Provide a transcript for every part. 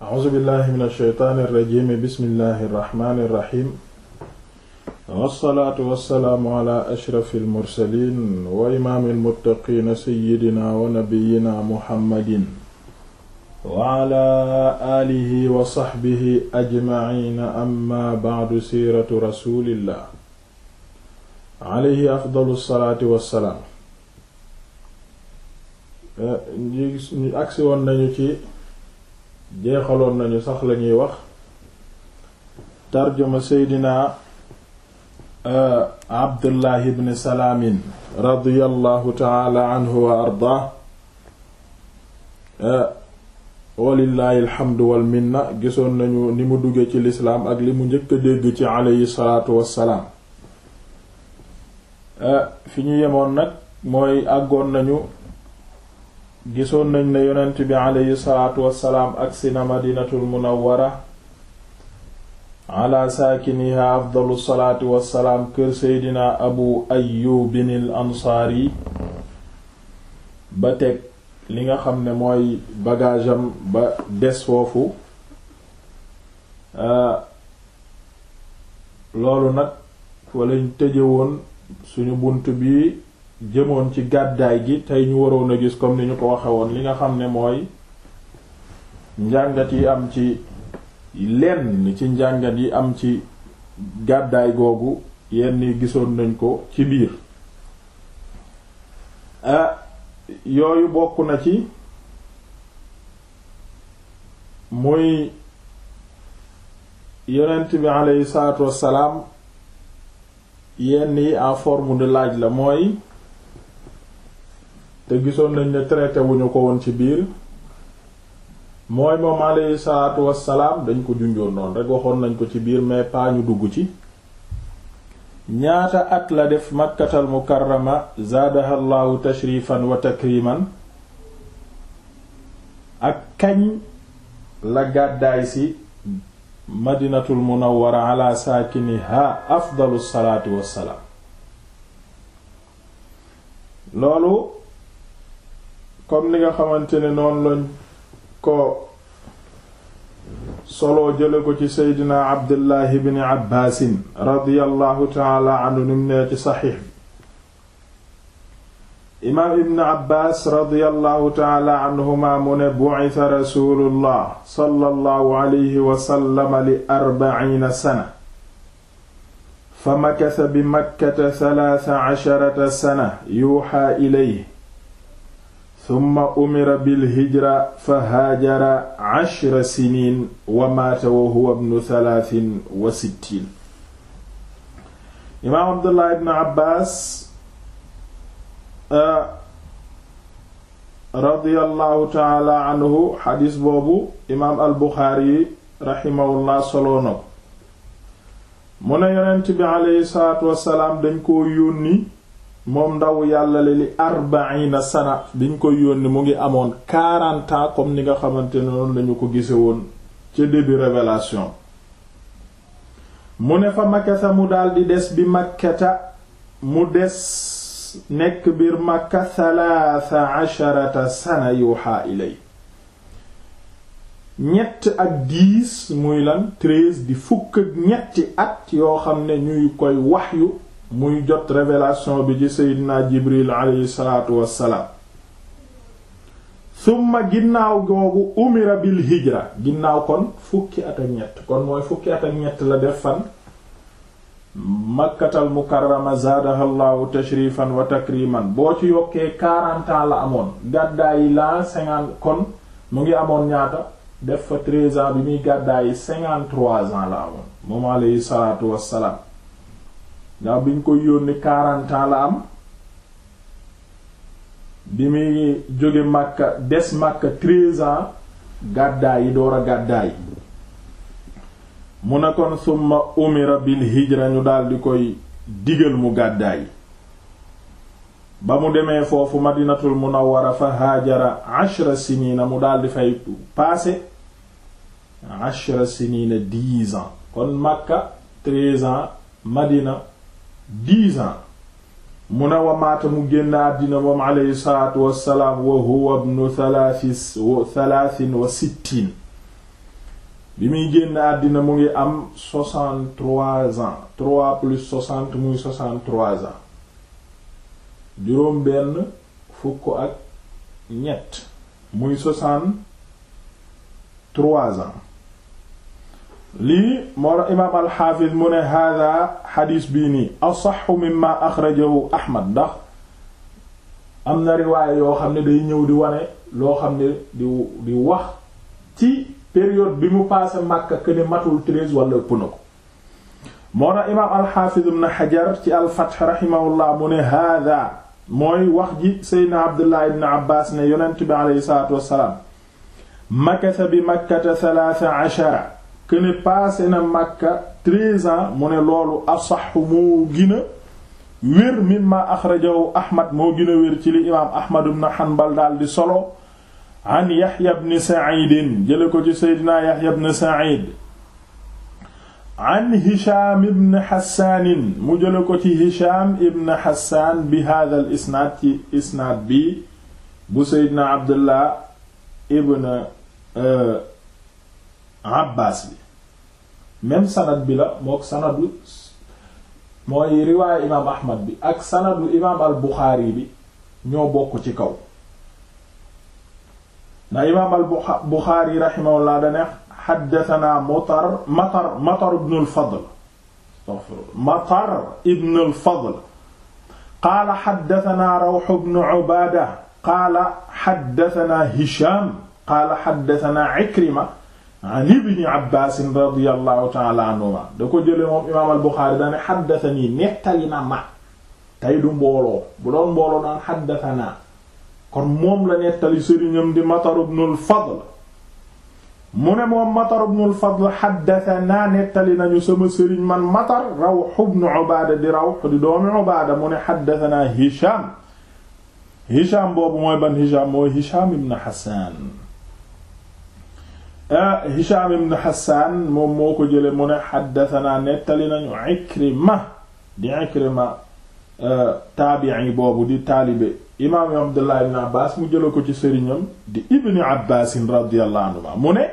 a'uuzu billahi min asheytaani irrajimi bismillahi irrahmani irrahim wassalaatu wassalaamu ala ashrafi almursalin wa imaami almuttaqiina seyidina wa nabiyina muhammadin wa ala aalihi wa saxbihi ajmaciina amma bacdu siiratu rasulillah alayhi afdalu salaati wassalaam eh, ñu agsi woon nañu ci jeexaloon nañu sax lañuy wax tarjuma seydina euh, abdullah ibn salaamin radiyallahu taala anhu wa ardaa euh, walillahi alhamdu wal minna gisoon nañu ni mu dugge ci lislaam ak li mu njëkk a dégg ci aleyhi salaatu wassalaam euh, fi ñu yemoon nag mooy àggoon nañu gisoon nañ ne yonent bi aleyhi salaatu wassalaam agsi na madinatul munawwara ala saakiniha afdalu salaati wassalaam kër seydina abu ayyubin al ansaari ba teg li nga xam ne mooy bagaajam ba des foofu loolu nag wala lañ tëje woon suñu bunt bi jëmoon ci gàddaay gi tey ñu waroon a gis comme ni ñu ko waxe li nga xam ne mooy njàngat yi am ci lenn ci njàngat yi am ci gàddaay googu yenn gisoon nañ ko ci biir ah yooyu bokk na ci muy yonent bi aleyhi salaatu wassalaam yenn yi en forme de laaj la mooy te gisoon nañ ne traité wuñu ko woon ci biir mooy moom alayhi salaatu wassalaam dañ ko junjoon noonu rek waxoon nañ ko ci biir mais pas ñu dugg ci ñaata at la def makkatal mukarrama zaadaha llahu wa takriman ak kañ la gàddaay si madinatul munawwara ala saakiniha afdalu salaatu wassalaam loolu comme ni nga xamante ne noonu lañ ko solo jële ko ci seydina abdullah ibn abbaasin radiyallahu taala anhu nim nee ci saxiix bi imaam ibn abbaas radiyallahu taala anhuma mu ne bu'itha rasulullah sallallahu alayhi wa sallam li arba'iina sana fa makatha bi makkata thalaatha asharata sana yuuhaa ilayhi summa umira bilhijra fa haajara ashra sinin wa maata wa huwa bnu thalaatin wa sittiin imaam abdullah ibn abbaas uh, radiallahu taala anhu xadiis boobu imaam al buxaari raximahullah soloo na ko mu ne yonent bi aleyhi salaatu wasalaam dañ koo yónni moom ndaw yàlla li arbaina sana biñ koy yónni mu ngi amoon quarante ans comme ni nga xamante ne noonu lañu ko gise woon ci début révélation mu ne fa makkata mu daldi des bi makkata mu des nekk biir makka thalatha asharata sana yuha ilay ñett ak dix muy lan treize di fukk ñetti at yoo xam ne ñuy koy waxyu muy jot révélation bi ci seydina jibril aleyhi salaatu wassalaam summa ginnaaw googu umira bil hijra ginnaaw kon fukki at ak kon mooy fukki at ñett la def fan makkatal mukarrama zaadaha llahu tashrifan wa takriman boo ci yokkee 40 la amoon gàddaayi la kon mu ngi amoon ñaata def fa 13 ans bi muy gàddaayi 53 amoon moom aleyhi salaatu wassalaam ndax biñ koy yónni quarante la am bi muy jóge Makka des Makka treize ans gàddaay yi door a gàddaay mu ne kon summa umira bil hijra ñu daldi koy digal mu gàddaay ba mu demee foofu madinatul munawwara fa haajara ashra sinina mu daldi fay paase ashra sinina dix ans kon Makka treize ans Madina dix ans mu ne wa maata mu génn àddina moom aleyhi salaatu wassalaam wa huwa ibnu thalathin wa sittin bi muy génn àddina mu ngi am soixante-trois ans trois plus soixante muy soixante-trois ans juróom benn fukk ak ñett muy soixante-trois ans lii moo imaam alxaafis mu ne hada bii nii asaxu mimma axrajahu ahmad ndax am na riwaaye yoo xam ne day ñëw di wane loo xam ne di di wax ci période bi mu passé Makka que ne matul ëpp na ko moo na imaam alxaafis ibn xajar ci alfatx raximahullah mu ne hada mooy wax ji seydna abdullah ibn abbas ne yonent bi aleyhi salaatu wassalaam makasa bi makkata salaasa ashara que ne passé na Makka treize ans mu ne loolu asaxu moo gën a wér mimma axrajahu Ahmad moo gën a wér ci li imaam Ahmad ibn Hanbal daal di solo an Yahya ibn Sa'id jële ko ci Seydina Yahya ibn Sa'id an Hisham ibn Hassan mu jële ko ci Hisham ibn Hassan bi hadha al isnaad ci isnaad bi bu Seydina Abdullah ibn euh, Abbaas bi même sanad bi la mook sanadu mooy riwaayu imaam Ahmad bi ak sanadu imaam al Buxaari bi ñoo bokk ci kaw na imaam al Buxaari raximahullah dane xaddatanaa Matar Matar Matar ibn al Fadl Matar ibn al Fadl qaala xaddatanaa Rawx ibn Ubaada qaala xaddatanaa Hishaam qaala xaddatanaa Ikrima an ibni abbasin radiallahu taala anhuma da ko jële moom imaam al buxaari dane xaddatanii nettali na ma tey du mbooloo bu doon mbooloo naan xaddatanaa kon moom la nettali sëriñam di matar ibnul fadl mu ne moom matar ibnul fadl xaddatanaa nettali nañu sama sëriñ man matar rawx ibnu ubaada di rawx di doomi ubaada mu ne xaddatanaa hisham hisham boobu mooy ban hisham mooy hisham ibn hasan Ah, Hisham ibn Hassan moom moo ko jële mu ne naa nettali nañu Ikrima di Ikrima ah, taabi'i boobu di taalibe imaam Abdullah ibn Abbas mu jële ko ci sëriñam di ibni Abbasin radiyallahu anhuma mu ne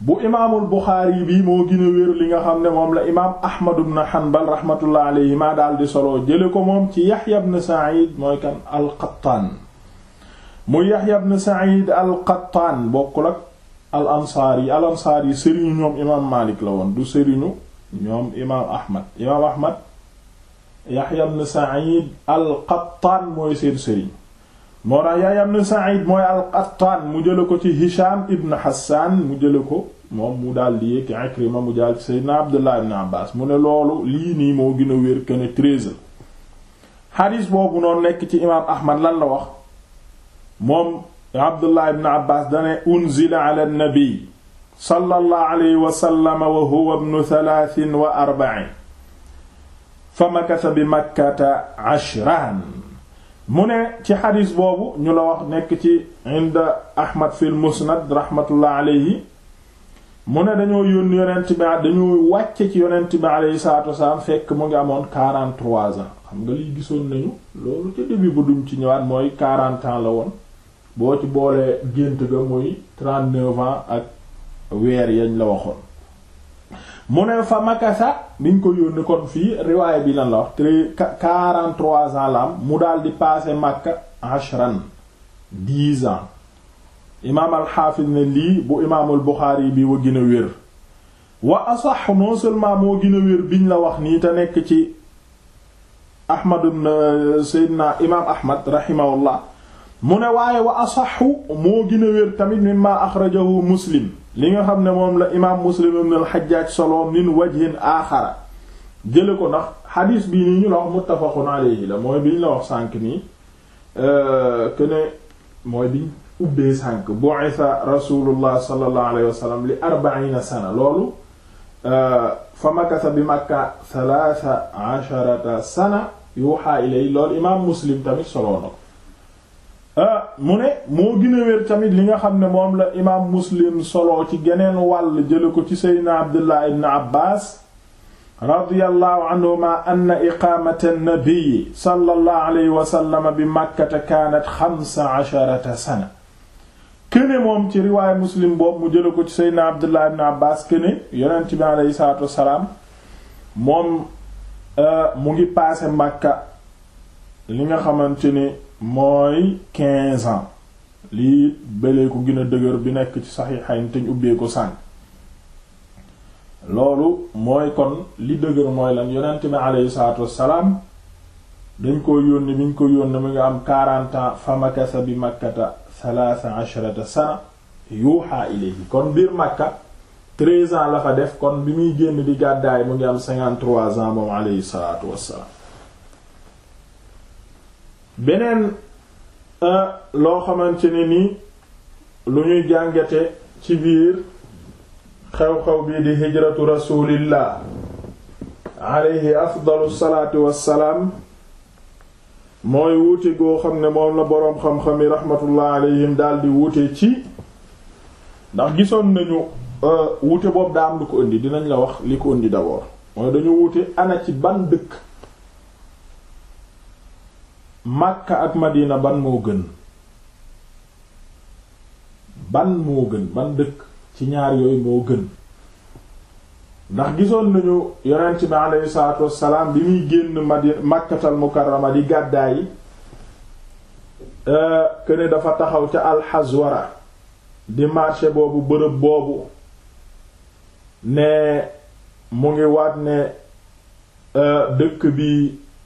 bu imaamul Buxaari bii moo gën a li nga xam ne moom la imaam Ahmad ibn Hanbal rahmatullah alayhi maa daal di solo jële ko moom ci Yahya ibn Sa'id mooy kan al-Qattaan mu Yahya ibn Sa'id al-Qattaan bokkul ak al ansaar yi al ansaar yi sëriñu ñoom imaam Maalik la woon du sëriñu ñoom imaam Ahmad imaam Ahmad Yahya ibn Sa'id al-Qattaan mooy seen sëriñ moo tax Yahya ibn Sa'id mooy al-Qattaan mu jële ko ci Hisham ibn Hassan mu jële ko moom mu daal di yéeg Ikrima mu daal ci Seydina Abdullah ibn Abbas mu ne loolu lii nii moo gën a wér que ne treize xadiis boobu noonu nekk ci imaam Ahmad lan la wax moom abdullah ibn abbas dane unzila ala nabi sallallahu alayhi wa wa huwa ibnu thalathin bi makkata ashran mu ne ci xadis boobu ñu la wax nekk ci inda ahmad fil musnad rahmatullah alayhi mu ne dañoo yónni yonent bi dañoo wàcce ci yonent bi alayhi salaatu wasalaam fekk mu ngi amoon 43 xam nga liy gisoon nañu loolu ca début bu duñ ci ñëwaat mooy 40 ans la woon boo ci boolee gént ga muy trente-neuf ak weer yañ la waxoon mu ne fa makasa niñ ko yónni kon fii riwaay bi lan la wax tre quarante-trois mu daal di passé Makka ashran dix ans imaam alxaafis ne lii bu imaamul Buxaari bi wa gën a wér wa asax non seulement moo gën wér biñ la wax nii te nekk ci ahmadu ibn seydina imaam ahmad rahimahullah mu ne waaye wa asaxu moo gën a wér tamit mimma axrajahu muslim li nga xam ne moom la imaam muslim ibn al-Hajjaj solo min wajhin aaxara jële ko ndax xadiis bii nii ñu la wax muttafaqun alayhi la mooy bi ñu la wax sànk nii euh, que ne mooy biñ ubbee sànk bu'itha rasulullah sallallahu alayhi wa sallam li arbaina sana loolu euh, fa makasa bi makka thalaatha asharata sana yuuxaa ilay loolu imaam muslim tamit solo na ko Euh, mu ne moo gën wér tamit li nga xam ne moom la imaam muslim solo ci geneen wàll jële ko ci seydina abdullah ibn abbas radiyallahu anhuma anna iqaamata nabii sallallahu alayhi wa bi makkata kaanat xamsa asharata sana këne moom ci riwaay muslim boobu mu jële ko ci seydina abdullah ibn abbas këne yonent bi aleyhi salaatu wassalaam moom euh, mu ngi paase makka li nga xamante ni mooy quinze ans li bëlee ko dëgër bi nekk ci saxiixayn te ñu ubbee ko sànq loolu mooy kon li dëgër mooy lan yonent bi aleyhi salaatu wassalaam dañ ko yónni bi ñu ko yónni mu ngi am quarante ans fa makasa bi makkata salaasa asharata sana yuuxaa ilayhi kon biir makka treize ans la fa def kon bi muy génn di gàddaay mu ngi am cinquante-trois ans moom aleyhi salaatu wassalaam beneen euh, loo xamante ne ni lu ñuy jàngate ci biir xew-xew bii di hijratu rasulillah alayhi afdalu salaatu wassalaam mooy wuute goo xam ne moom na boroom xam-xam yi rahmatullah alayhim di wuute ci ndax gisoon nañu euh, wuute boobu daa am lu ko indi dinañ la wax li ko indi d'abord mooy dañu wuute ana ci ban dëkk Makka ak Madina ban moo gën ban moo gën ban dëkk ci ñaar yooyu moo gën ndax gisoon nañu yonent bi aleyhi salaatu bi muy génn Madina Makkatal Mukarrama di gàddaay këne euh, dafa taxaw ca alxaswara di marché boobu bërëb boobu ne mu ngi waat ne euh, dëkk bi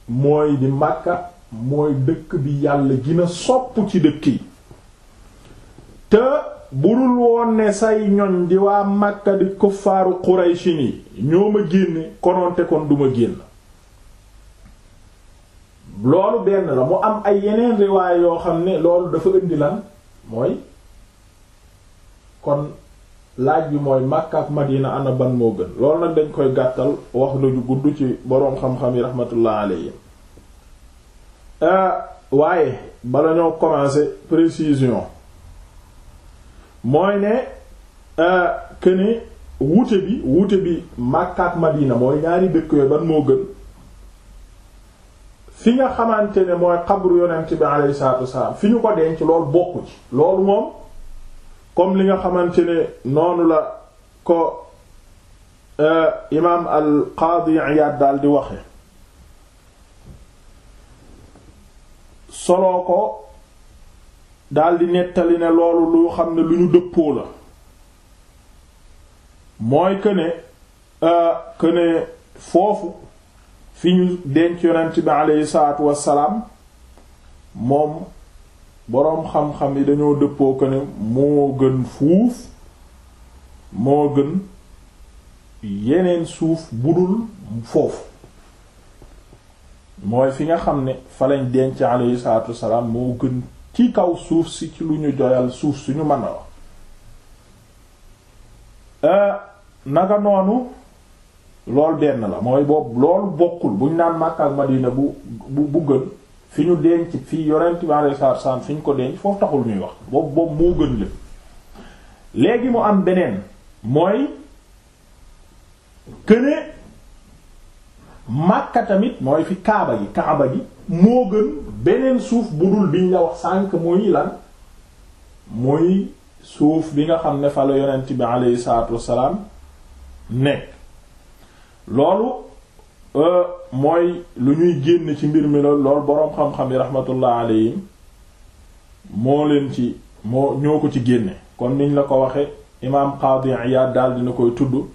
mooy di Makka mooy dëkk bi yàlla gina sopp ci dëkk yi te burul woon ne say ñoñ di waa Makka di kuffaaru Quraysh ni ñoo ma génne kononte kon duma génn loolu benn la mu am ay yeneen riwaay yoo xam ne loolu dafa indi lan mooy kon laaj bi mooy Makka ak Madina ana ban moo gën loolu nag dañ koy gàttal wax lu gudd ci boroom xam-xam yi rahmatullah alayhi Euh, waaye bala ñoo commencer précision mooy ne euh, que ne wuute bi wuute bi Makka ak Madina mooy ñaari dëkk yooyu ban moo gën fi nga xamante ne mooy xabru yonent bi alayhi salaatu wasalaam fi ñu ko denc loolu bokku ci loolu moom comme li nga xamante ne noonu la ko euh, imaam al qaadi Iyaad daal di waxe soloo ko daldi nettali ne loolu lu xam ne lu ñu dëppoo la mooy këne këne euh, foofu fi ñu denc yonent bi aleyhi salaatu wassalaam moom boroom xam-xam yi dañoo dëppoo këne moo gën fuuf moo gën yeneen suuf budul foofu mooy fi nga xam ne fa lañ denc alayhi salaatu wassalaam moo gën ci kaw suuf si ci lu ñu joyal suuf suñu mën a wax euh, naka noonu lool benn la mooy boobu loolu bokkul buñ naan Makka ak Madina bu bu bu gën fi ñu denc fii yonent bi alayhi salaatu wassalaam fi ñu ko denc foofu taxul ñuy wax boobu boobu moo gën lépp léegi mu am beneen mooy këne Makka tamit mooy fi Kaaba gi Kaaba gi moo gën beneen suuf bu dul biñ la wax sànk muy lan muy suuf bi nga xam ne fa la yonent bi aleyhi salaatu wassalaam nekk loolu euh, mooy lu ñuy génn ci mbir mi loolu lool boroom xam-xam yi rahmatullah aleyhim moo leen ci moo ñoo ko ci génne kon niñ la ko waxee imaam Qadi Iyad daal dina koy tudd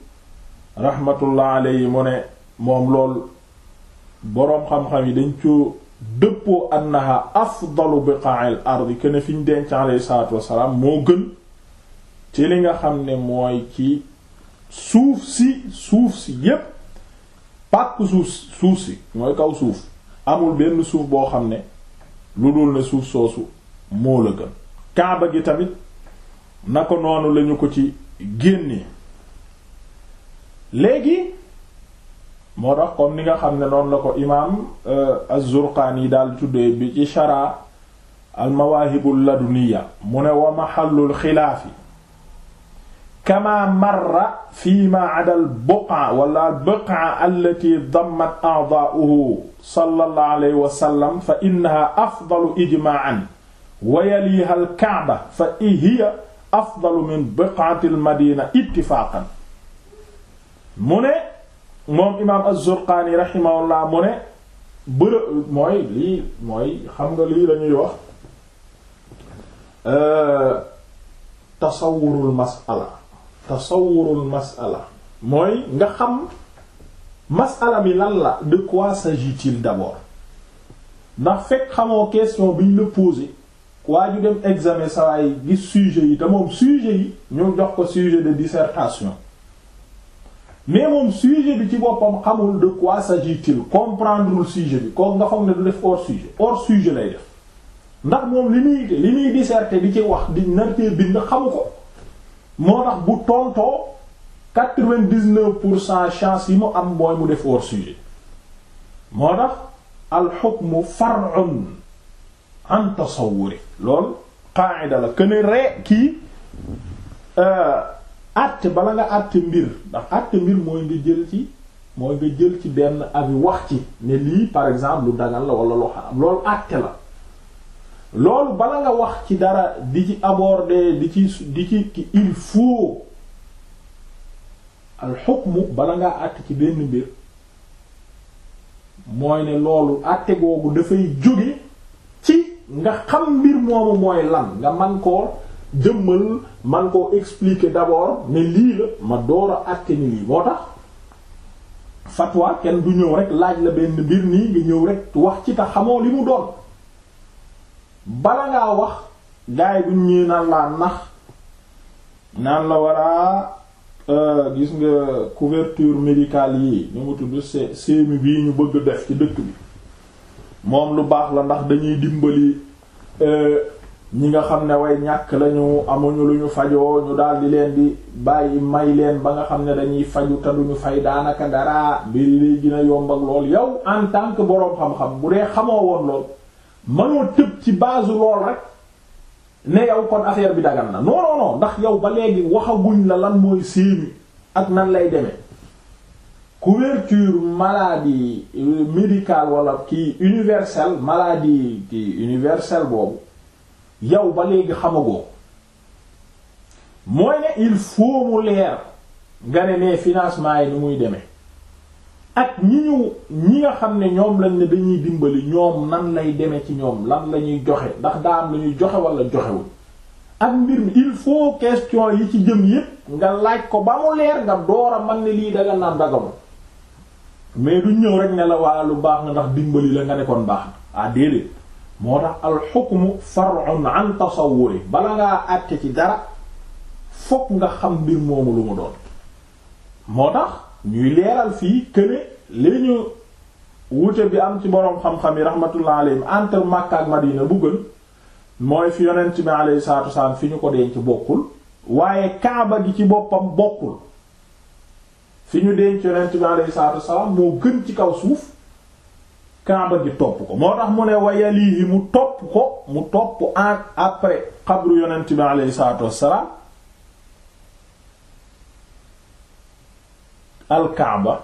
rahmatullah aleyhi mu ne moom loolu boroom xam-xam yi dañ coo dëppoo annaha afdalu biqa'il ardi kene fi ñu denc alayhi salaatu moo gën ci li nga xam ne mooy ci suuf si suuf si yépp pàkk suuf si mooy kaw suuf amul benn suuf boo xam ne lu dul ne suuf soosu moo la gën kaaba gi tamit na ko noonu lañu ko ci génne léegi moo tax comme ni nga xam ne noonu la ko imaam euh, az-Zurqaani daal tuddee bi ci shara al-mawaahibul laduniya mu ne wa mahallul xilaafi kama marra fi ma ada al-buq'a wala al-buq'a allati dammat a'daa'uhu sallallahu alayhi wa sallam fa innaha afdalu ijma'an wa yaliha al-ka'ba fa hiya afdalu min buq'ati al-madina ittifaqan mu ne moom imaam az-Zurqaani rahimahullah mu ne bërë mooy lii mooy xam nga lii lañuy wax euh, tasawurul masala tasawurul masala mooy nga xam masala mi lan la de quoi s'agit-il d'abord ndax fekk xamoo question bi ñu la posé waa ju dem examen saa yi gis sujet yi te moom sujet yi ñu jox ko sujet de dissertation mais moom sujet bi ci boppam xamul de quoi s'agit-il comprendre le sujet bi kooku nga foog ne du def hors sujet hors sujet lay def ndax moom li muy li muy disserter di ci wax di nartee bind xamu ko moo tax bu tontoo quatre vingt dix pour cent chance yi mu am mooy mu def hors sujet moo tax al hukmu far'un an tasawwuri loolu qaa'ida la que ree kii. Euh, àtte bala nga àtte mbir ndax àtte mbir mooy nga jël ci mooy nga jël ci benn avis wax ci ne lii par exemple lu dagal la wala lu loolu àtte la loolu bala nga wax ci dara di ci aborder di ci di ci il faut al bala ngaa àtte ci benn mbir mooy ne loolu àtte googu dafay jóge ci nga xam mbir moomu mooy lan nga man koo jëmmal man koo expliquer d'abord ne lii la ma door a àtte ni lii moo tax fatwa kenn du ñëw rek laaj la benn mbir nii ngi ñëw rek wax ci tax xamoo li mu doon bala ngaa wax gaay buñ ñëwee naan laa nax naan la waraa euh, gis nga couverture médicale yi ñu mu tudd séemi bii ñu bëgg def ci dëkk bi moom lu baax la ndax dañuy dimbali euh, ñi nga xam ne way ñàkk lañu amuñu lu ñu fajoo ñu daal di leen di bàyyi may leen ba nga xam ne dañuy faju te duñu fay daanaka dara mbir yi dina a yomb ak lool yow en tant que boroom xam-xam bu dee xamoo woon lool mënoo tëb ci base lool rek ne yow kon affaire bi dagan na non ndax yow ba léegi waxaguñ la lan mooy séemi ak nan lay demee couverture maladie euh, médicale walla kii universelle maladie kii universelle boobu. yow ba léegi xamagoo mooy ne il faut mu leer nga ne ne financement yi ni muy demee ak ñi ñu ñi nga xam ne ñoom lañ ne dañuy dimbali ñoom nan lay demee ci ñoom lan la ñuy joxe ndax daa am la ñuy joxe walla joxewul ak mbir mi il faut question yi ci jëm yépp nga laaj ko ba mu leer nga door a mën ne lii daga naan dagamu mais duñ ñëw rek ne la waa lu baax nga ndax dimbali la nga nekkoon baax na ah déedéet moo tax alxukmu far'un an tasawwuri bala nga àtte ci dara fokk nga xam mbir moomu lu mu doon moo tax ñuy leeral fii këne li wute bi am ci boroom xam-xam yi rahmatullah alayhim entre Makka ak Madina bu gën mooy fi yonent bi alayhi salaatu wasalaam fi ñu ko denc bokkul waaye Kaaba gi ci boppam bokkul fi ñu denc yonent bi alayhi salaatu wasalaam moo gën ci kaw suuf kaaba gi topp ko moo tax mu ne wayalihi mu topp ko mu topp en après xabru yonent bi aleyhi salaatu wassalaam alkaaba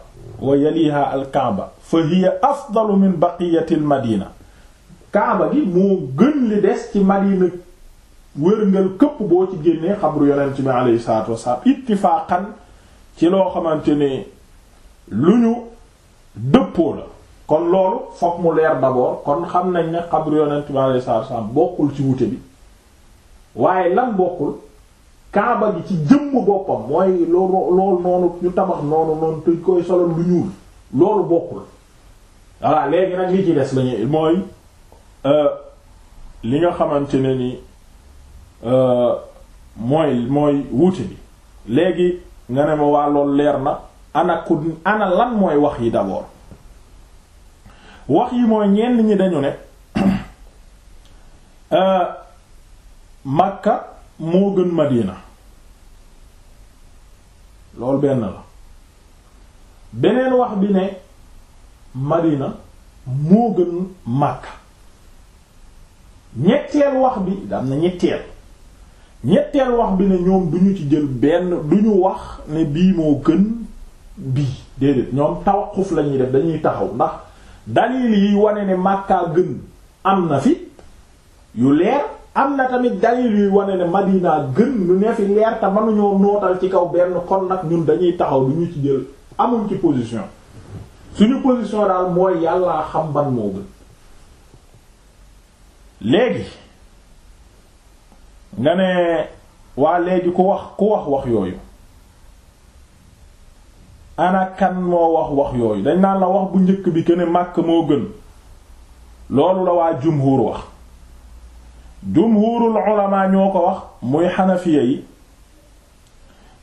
wa yaliha alkaaba fa hiya afdalu min baqiyati madina kaaba gi moo gën li des ci madina wërngal këpp boo ci génnee xabru yonent bi aleyhi ci loo xamante ne lu ñu dëppoo la kon loolu fokk mu leer d'abord kon xam nañ ne xabru yonent bi alayhi salaatu bokkul ci wute bi waaye lan bokkul kaaba gi ci jëmm boppam mooy loolu loolu noonu ñu tabax noonu noonu tuñ koy solal lu ñuul loolu bokkul voilà léegi nag li ci des lañu mooy euh, li nga xamante ne ni euh, mooy mooy wuute bi léegi nga ne ma waa loolu leer na ana ku ana lan mooy wax yi d'abord wax yi mooy ñenn ñi dañu ne euh, Makka moo gën Madina lool benn la beneen wax bi ne Madina moo gën Makka ñetteel wax bi dam na ñetteel ñetteel wax bi ne ñoom duñu ci jël benn duñu wax ne bii moo gën bii déedéet ñoom tawaquf lañuy def dañuy taxaw ndax dalil yi wane ne Makka gën am na fi yu leer am na tamit dalil yuy wane ne Madina gën lu ne fi leer te mënuñoo nootal ci kaw benn kon nag ñun dañuy taxaw du ñu ci jël amuñ ci position suñu position daal mooy yàlla xam ban moo gën léegi nga ne waa léegi ku wax ku wax wax yooyu ana moo wax wax yooyu dañ naan la wax bu njëkk bi kenn màkk moo gën loolu la waa jumhuur wax jumhuurul ulamaa ñoo ko wax muy xanafiya yi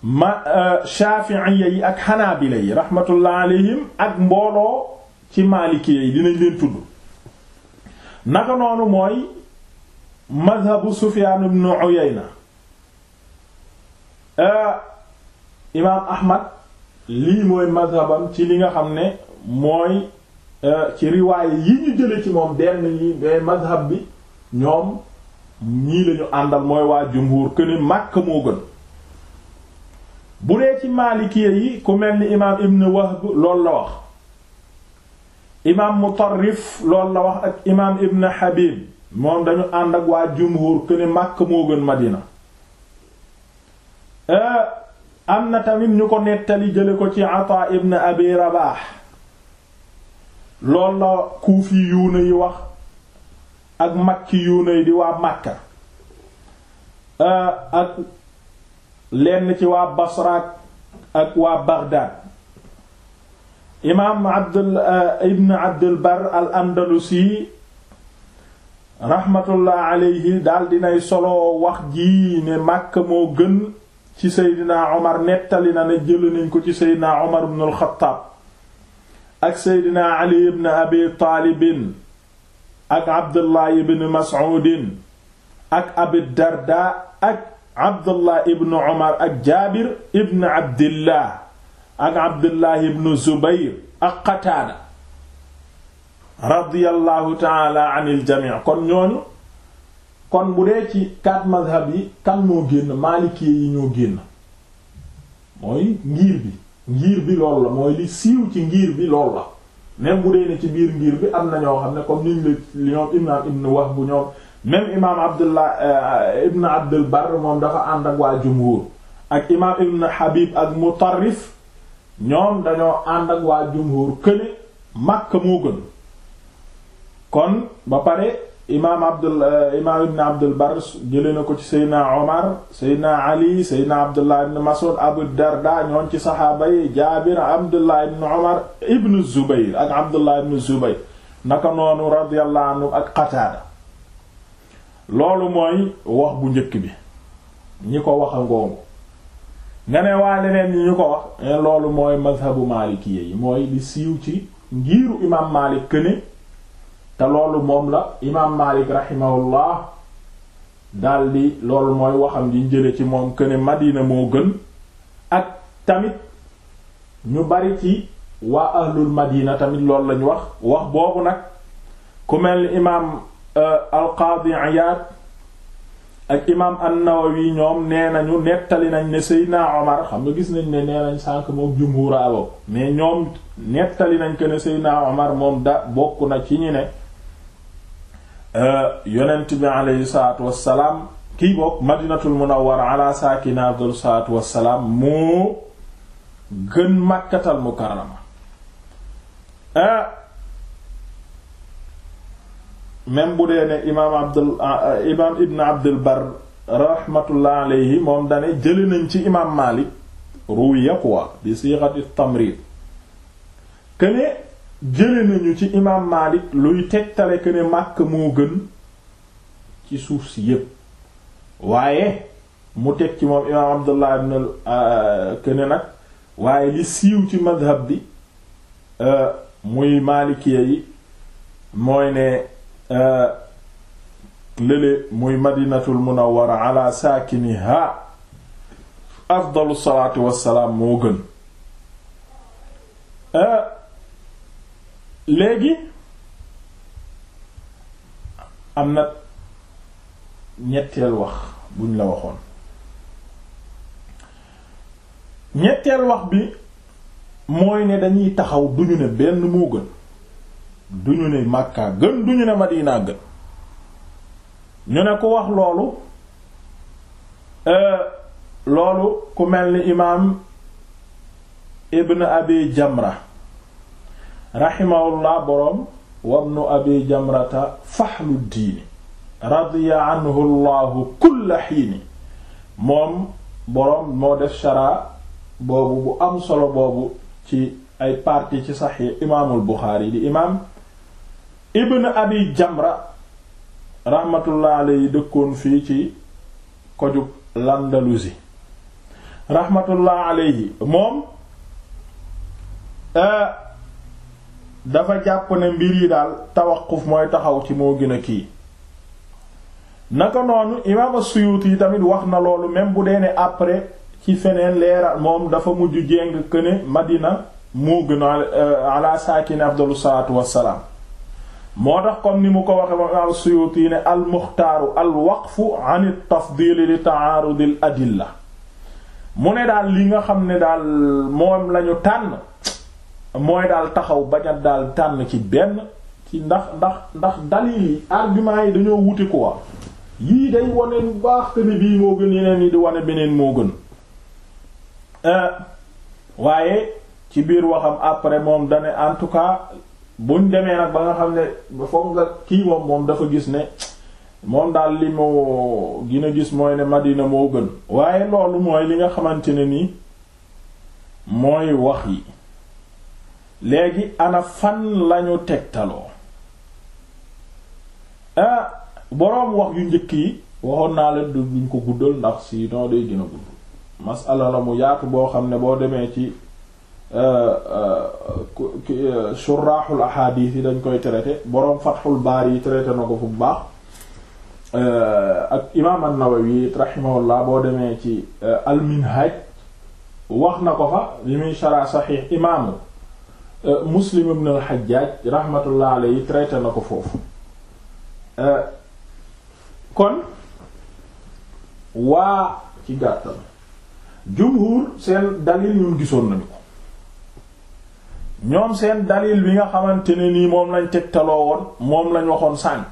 ma euh, shaafiiya yi ak xanaabila yi raxmatullah alayhim ak mbooloo ci maalikiya yi dinañ leen tudd naka noonu mooy madhabu sufyaan ibnu uyayna euh, imaam ahmad lii mooy mazhabam ci li nga xam ne mooy euh, ci riwaaye yi ñu jële ci moom benn yi day mazhab bi ñoom ñii lañu àndal mooy waa jumhur këni Makka moo gën bu dee ci maalikiya yi ku mel ni imaam ibn Wahb loolu la wax imaam Mutarrif loolu la wax ak imaam ibn Habib moom dañu ànd ak waa jumhur këni Makka moo gën Madina euh, am na tamit ñu ko nettali jële ko ci Ataa ibn Abi Rabaah lool la kuufi yuuna yi wax ak makki yuuna yi di waa Makka euh, ak lenn ci waa Basra ak waa Baghdad imaam Abdul euh, ibn Abdul Bar al Andalusi raxmatullah alayhi daal dinay solo wax ji ne Makka moo gën ci seydina omar nettali na ne jël ci seydina omar ibn al-Khattab ak seydina ali ibn abi taalibin ak abdullah ibn mas'udin ak abi darda ak abdullah ibn omar ak jaabir ibn abdillah ak abdullah ibn zubayr ak qataada radiyallahu taala anil jami' kon bu dee ci quatre mazhab yi kan moo génn maalikee yi ñoo génn mooy ngir bi ngir bi lool la mooy li siiw ci ngiir bi lool la même bu dee ne ci biir ngiir bi am na ñoo xam ne comme niñ la ñoom imam ibn Wahb bu ñoom même imam Abdullah euh, ibn Abdul moom dafa ànd ak waa jumhur ak imam ibn Habib ak Mutarrif ñoom dañoo ànd ak waa jumhur këne Makka moo gën kon ba pare imaam abdul eh, imaam ibn abdul bar jëlee ko ci seydna omar seydna ali seydna abdullah ibn mas'ud abu darda ñoon ci saxaaba yi jaabir abdullah ibn omar ibn zubayr ak abdullah ibn zubayr naka noonu radiyallahu anhu ak qataada loolu mooy wax bu njëkk bi ñi ko waxa ngoongu nga ne waa leneen ñi ñu ko wax eh, loolu mooy mazhabu maalikiyé yi mooy li siiw ci ngiiru imaam maalik këne te loolu moom la imaam Maalik rahimahullah daldi loolu mooy waxam di jële ci moom këne Madina moo gën ak tamit ñu bari ci waa ahlul Madina tamit loolu lañu wax wax boobu nag ku mel ni imaam euh, al-Qaadi Iyaad ak imaam an-Nawawi ñoom nee nañu nettali nañ ne Seydina Omar xam nga gis nañ ne nee nañ sànk moom jumhuur mais ñoom nettali nañ que ne Omar moom da bokk na ci ñi ne Euh, yonent bi aleyhi salaatu wassalaam kii boog madinatul munawwara ala saakina afdalu salaatu wassalaam moo gën màkkatal mukarrama euh, même bu dee ne imaam abdul euh, imaam ibn abdul bar rahmatullah alayhi moom dane jëli nañ ci imaam maalik ruwiya quoi bi siixati tamrid këne jële nañu ci imaam Maalik luy tegtale que ne Makk moo gën ci suuf si yépp waaye mu teg ci moom imaam Abdullah ibn kene euh, nag waaye li siiw ci madhab bi euh, muy maalikiya yi mooy ne euh, lële muy madinatul munawwara ala saakiniha afdalu salaatu wassalaam moo gën léegi am na ñetteel wax buñ la waxoon ñetteel wax bi mooy ne dañuy taxaw duñu ne benn moo gën duñu ne Makka gën duñu ne Madina gën ñu ne ku wax loolu euh, loolu ku mel ni imaam Ibn Abi Jamra rahimahullah boroom wabnu abi jamrata faxlu diini radiya anhu llahu kulla xiini moom boroom moo def shara boobu bu am solo boobu ci ay parti ci saxi imaamul buxaari di imaam ibn abi jamra rahmatullah alayhi dëkkoon fii ci kojub l'Andalousie rahmatullah alayhi moom euh, dafa jàpp ne mbir yi daal tawaquf mooy taxaw ci moo gën a kii naka noonu imaam as yi tamit wax na loolu même bu dee ne après ci feneen leeral moom dafa mujj jéng que ne Madina moo gën a euh, ala saakini afdalu salaatu wassalaam moo tax comme ni mu ko waxee moom imaam as-Suyuti yi ne al-muxtaaru al-waqfu an at-tafdiil li ta'aarud al-adilla mu ne daal li nga xam ne daal moom lañu tànn mooy daal taxaw bañ daal tànn ci benn ci ndax ndax ndax dalil yi argument yi dañoo wuti quoi yii day wane bu baax ni bii moo gën yeneen yi di wane beneen moo gën euh, waaye ci biir waxam après moom dane en tout cas buñ demee nag ba nga xam ne foog nga kii moom moom dafa gis ne moom daal li moo gën a gis mooy ne Madina moo gën waaye loolu mooy li nga xamante ne nii mooy wax yi léegi ana fan lañu tegtaloo ah boroom wax yu njëkk yi waxoon naa leen duñ ko guddal ndax sinon day gën a masala la mu yaatu boo xam ne boo demee ci euh, euh, euh, suraaxul ahadith yi dañ koy traité boroom Fathul baar yi traité na ko fu bu baax ak imaam an-Nawawi rahimahullah boo demee ci almin minhaj wax na ko fa li muy shara saxiix imaamu Euh, Muslim ibn al-Hajjaj rahmatullah alayhi traité na ko foofu euh, kon waa ci gàttal jumhur seen dalil ñun gisoon nañu ko ñoom seen dalil bi nga xamante ne nii moom lañ tegtaloo woon moom lañ waxoon sànk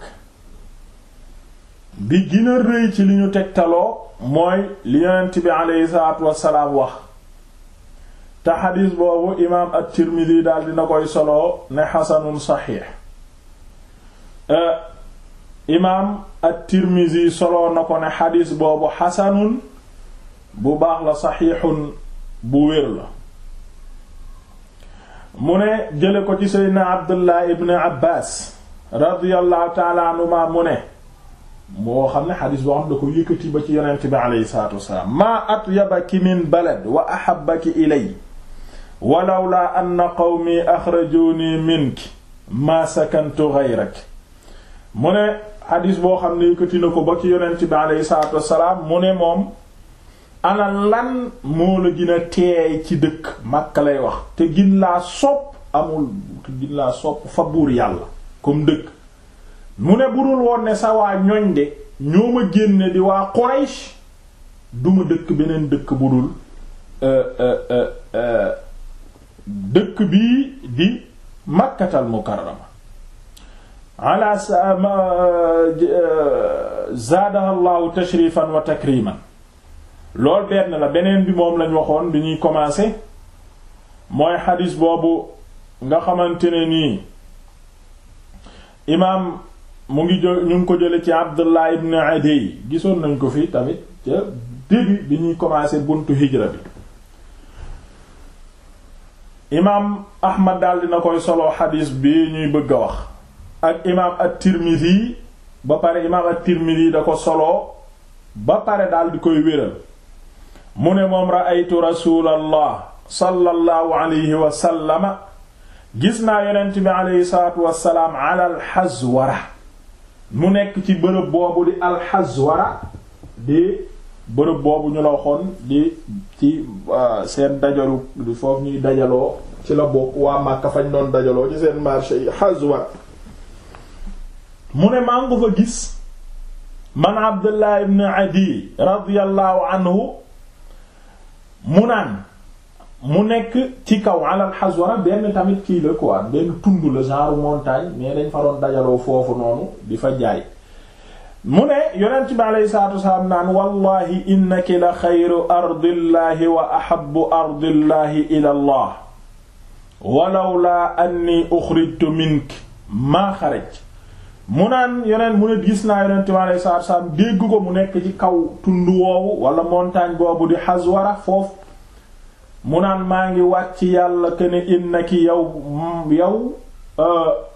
bi gën a rëy ci li ñu tegtaloo mooy li yonent bi alayhi salaatu wassalaam wax te xadis boobu imaam at-Tirmidi daal dina koy solo ne xasanun saxiix imaam at-Tirmidi solo na ko ne xadis boobu xasanun bu baax la saxiixun bu wér la mu ne jële ko ci seydna Abdullah ibn Abbas radiyallahu taala anhuma mu ne moo xam ne xadis boo xam da ko yëkkati ba ci yonent bi aleyhi salaatu wasalaam maa atyabaki min balad wa ahabbaki ilay laa walawlaa anna qawmi axrajuuni minki maa sakantu gayrak mu ne xadis boo xam ne yëkkati na ko ba ci yonent bi aleyhi salaatu wassalaam mu ne moom ana lan moo la gën a teey ci dëkk Makka lay wax te gin laa sopp amul te gin laa sopp fa buur yàlla comme dëkk mu ne budul woon ne sawaa waa ñoñ de ñoo ma génne di waa Quraysh duma dëkk beneen dëkk budul euh, euh, euh, euh dëkk bii di makkatal mukarrama ala euh, zaadaha llahu tashrifan wa takriman loolu benn la beneen bi moom lañ waxoon bi ñuy commencer mooy xadis boobu nga xamante ne nii imaam mu ngi jo ñu ngi ko jële ci Abdullah ibn Adiy gisoon nañ ko fii tamit ca début bi ñuy commencer buntu hijra bi imaam ahmad daldi na koy solo xadiis bi ñuy bëgg a wax ak imaam at-Tirmidhi ba pare imaam at-Tirmidhi da ko solo ba pare daal di koy wéral mu ne moom ra'aytu rasuulallah sallallahu alayhi wa sallama gis naa yonent bi alayhi salaatu wassalaam ala al-Hazwara mu nekk ci bërëb boobu di al-Hazwara di bërëb boobu ñu la waxoon di ci euh, seen dajalu di foofu ñuy dajaloo ci la bokk waa Màkka fañ doon dajaloo ci seen marché yi Hazwa mu ne maa fa gis man Abdullah ibn Adi radiyallahu anhu mu naan mu nekk ci kaw alal Hazwara benn tamit kii la quoi benn tund la genre montagne mais dañ fa doon dajaloo foofu noonu di fa jaay mu ne yonent bi aleyhi salaatu wasalaam naan wallahi innaki la xayru ardillahi wa ahabbu ardillahi ila llah walawlaa anni uxrijtu mink maa xaraj mu naan yonent mu ne gis naa yonent bi aleyhi salaatu dégg ko mu nekk ci kaw tund woowu wala montagne boobu di Xaswara foofu mu naan maa ngi wàcc yàlla ke ne innaki yow yow euh,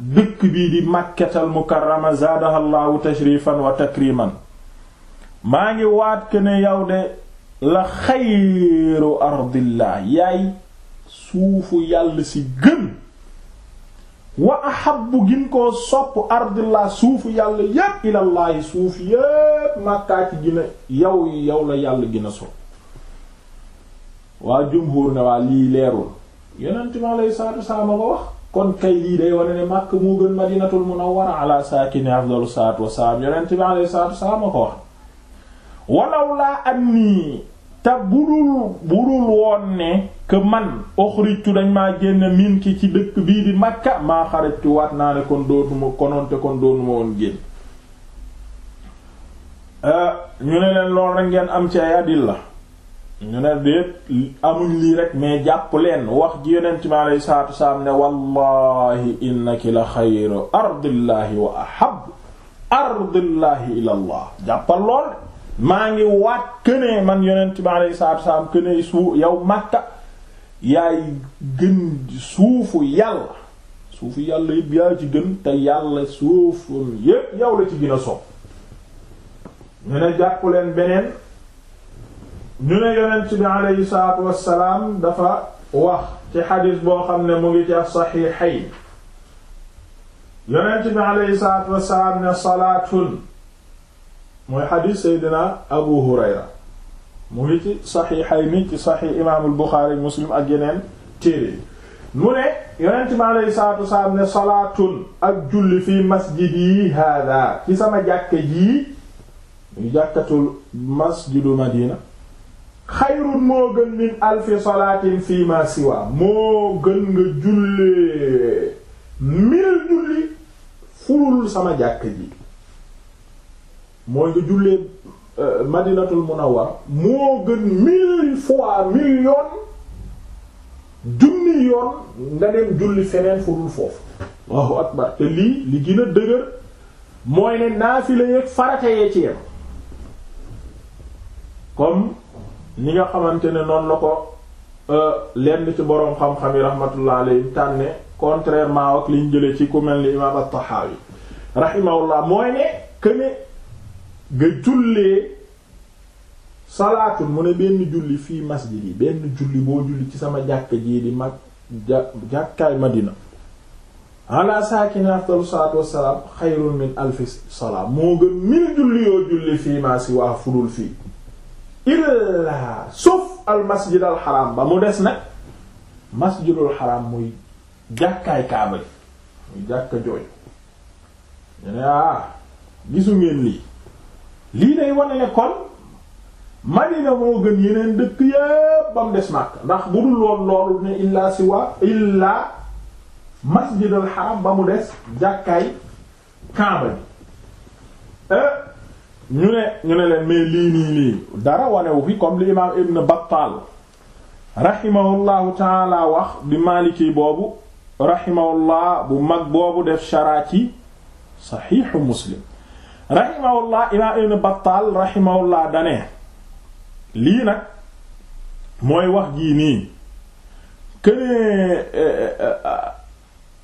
dëkk bii di màkketal mukarrama zaadaha tashrifan wa takriman maa ngi waat ke ne yow de la xayru ardillah yaay suufu yàlla si gën wa ahabbu gin koo sopp ardillah suufu yàlla yépp ilallaahi suuf yépp màkkaa ci gën a yow la yàlla gën a waa jumhuur ne waa lii leerul yonent mi alayhi salaatu wa salaam a wax kon kay lii day wane ne màkk moo gën Madinatul Munawwara ala saakini afdalu salaatu wassalaam yonent bi alayhi a wassalaam ma ko wax walaw laa anni te budul budul woon ne que man oxrijtu dañ maa génn min ki ci dëkk bii di Makka maa xarajtu waat naa ne kon dootuma konoonte kon dootuma woon génn euh, ñu ne leen lool rekk ngeen am ci ay la ñu ne déet amuñ lii rek mais jàpp leen wax ji yonent mi aleyhi salaatu wasalaam ne wallahi innaki la xayru ardillaahi wa ahab ardillaahi ila allah jàppal lool maa ngi waat kënee man yonent mi aleyhi salaatu wasalaam kënee suuf yow Makka yaay gën suufu yàlla suufu yàlla yépp yaa ci gën te yàlla suufam yépp yow la ci gën a sopp ñu ne jàpp beneen ñu ne yonent bi aleyhi salaatu wassalaam dafa wax ci xadis boo xam ne mu ngi ci as-saxiixayn yonent bi aleyhi salaatu wassalaam ne salaatun mooy xadis seydina abu hurayra mu ngi ci saxiixayni ci saxiix imaamul buxaari muslim ak yeneen téere mu ne yonent bi aleyhi salaatu wassalaam ne salaatun ak julli fi masjidi haadaa ci sama jàkka jii muy jàkkatul masjidu madina xayrun moo gën min alfi salaatin fii siwa moo gën nga jullee mil julli fulul sama jàkk ji mooy nga jullee euh, madinatul munawwar moo gën mille fois mille junni yoon nga dem julli feneen fulul foofu Allahu akbar te lii li gën a dëgër mooy ne naafila yeek farata yee ci comme ni nga xamante ne noonu la ko euh, lenn ci boroom xam-xam yi rahmatullah alayhi tànne contrairement ak liñ jëlee ci ku mel ni imaam at-Tahawi rahimahullah mooy ne que ne nga jullee salaatun mu ne benn julli fii masjid yi benn julli boo julli ci sama jàkk jii di mag ja jàkkaay Madina ala saakini afdalu salaatu wassalaam xayrun min alfi salaam moo gën mil julli yoo julli fii maa si waa fudul fii illaa sauf al masjid al xaram ba mu des nag masjidul xaram muy jàkkaay kaaba ji muy jàkka jooju ñu ah, gisu ngeen lii lii day wane ne kon Madina moo gën yeneen dëkk yépp ba mu des Makka ndax bu dul lool loolu ne illaa siwa illaa masjidul xaram ba mu des jàkkaay kaaba ji ñu ne ñu ne leen mais lii nii lii dara wanewu fi comme li imaam Ibn Battal rahimahullahu taala wax di Maliki boobu rahimahullah bu mag boobu def sharaa ci saxiixu Muslim rahimahullah imaam Ibn Battal rahimahullah dane lii nag mooy wax jii nii kënee eh, eh, eh,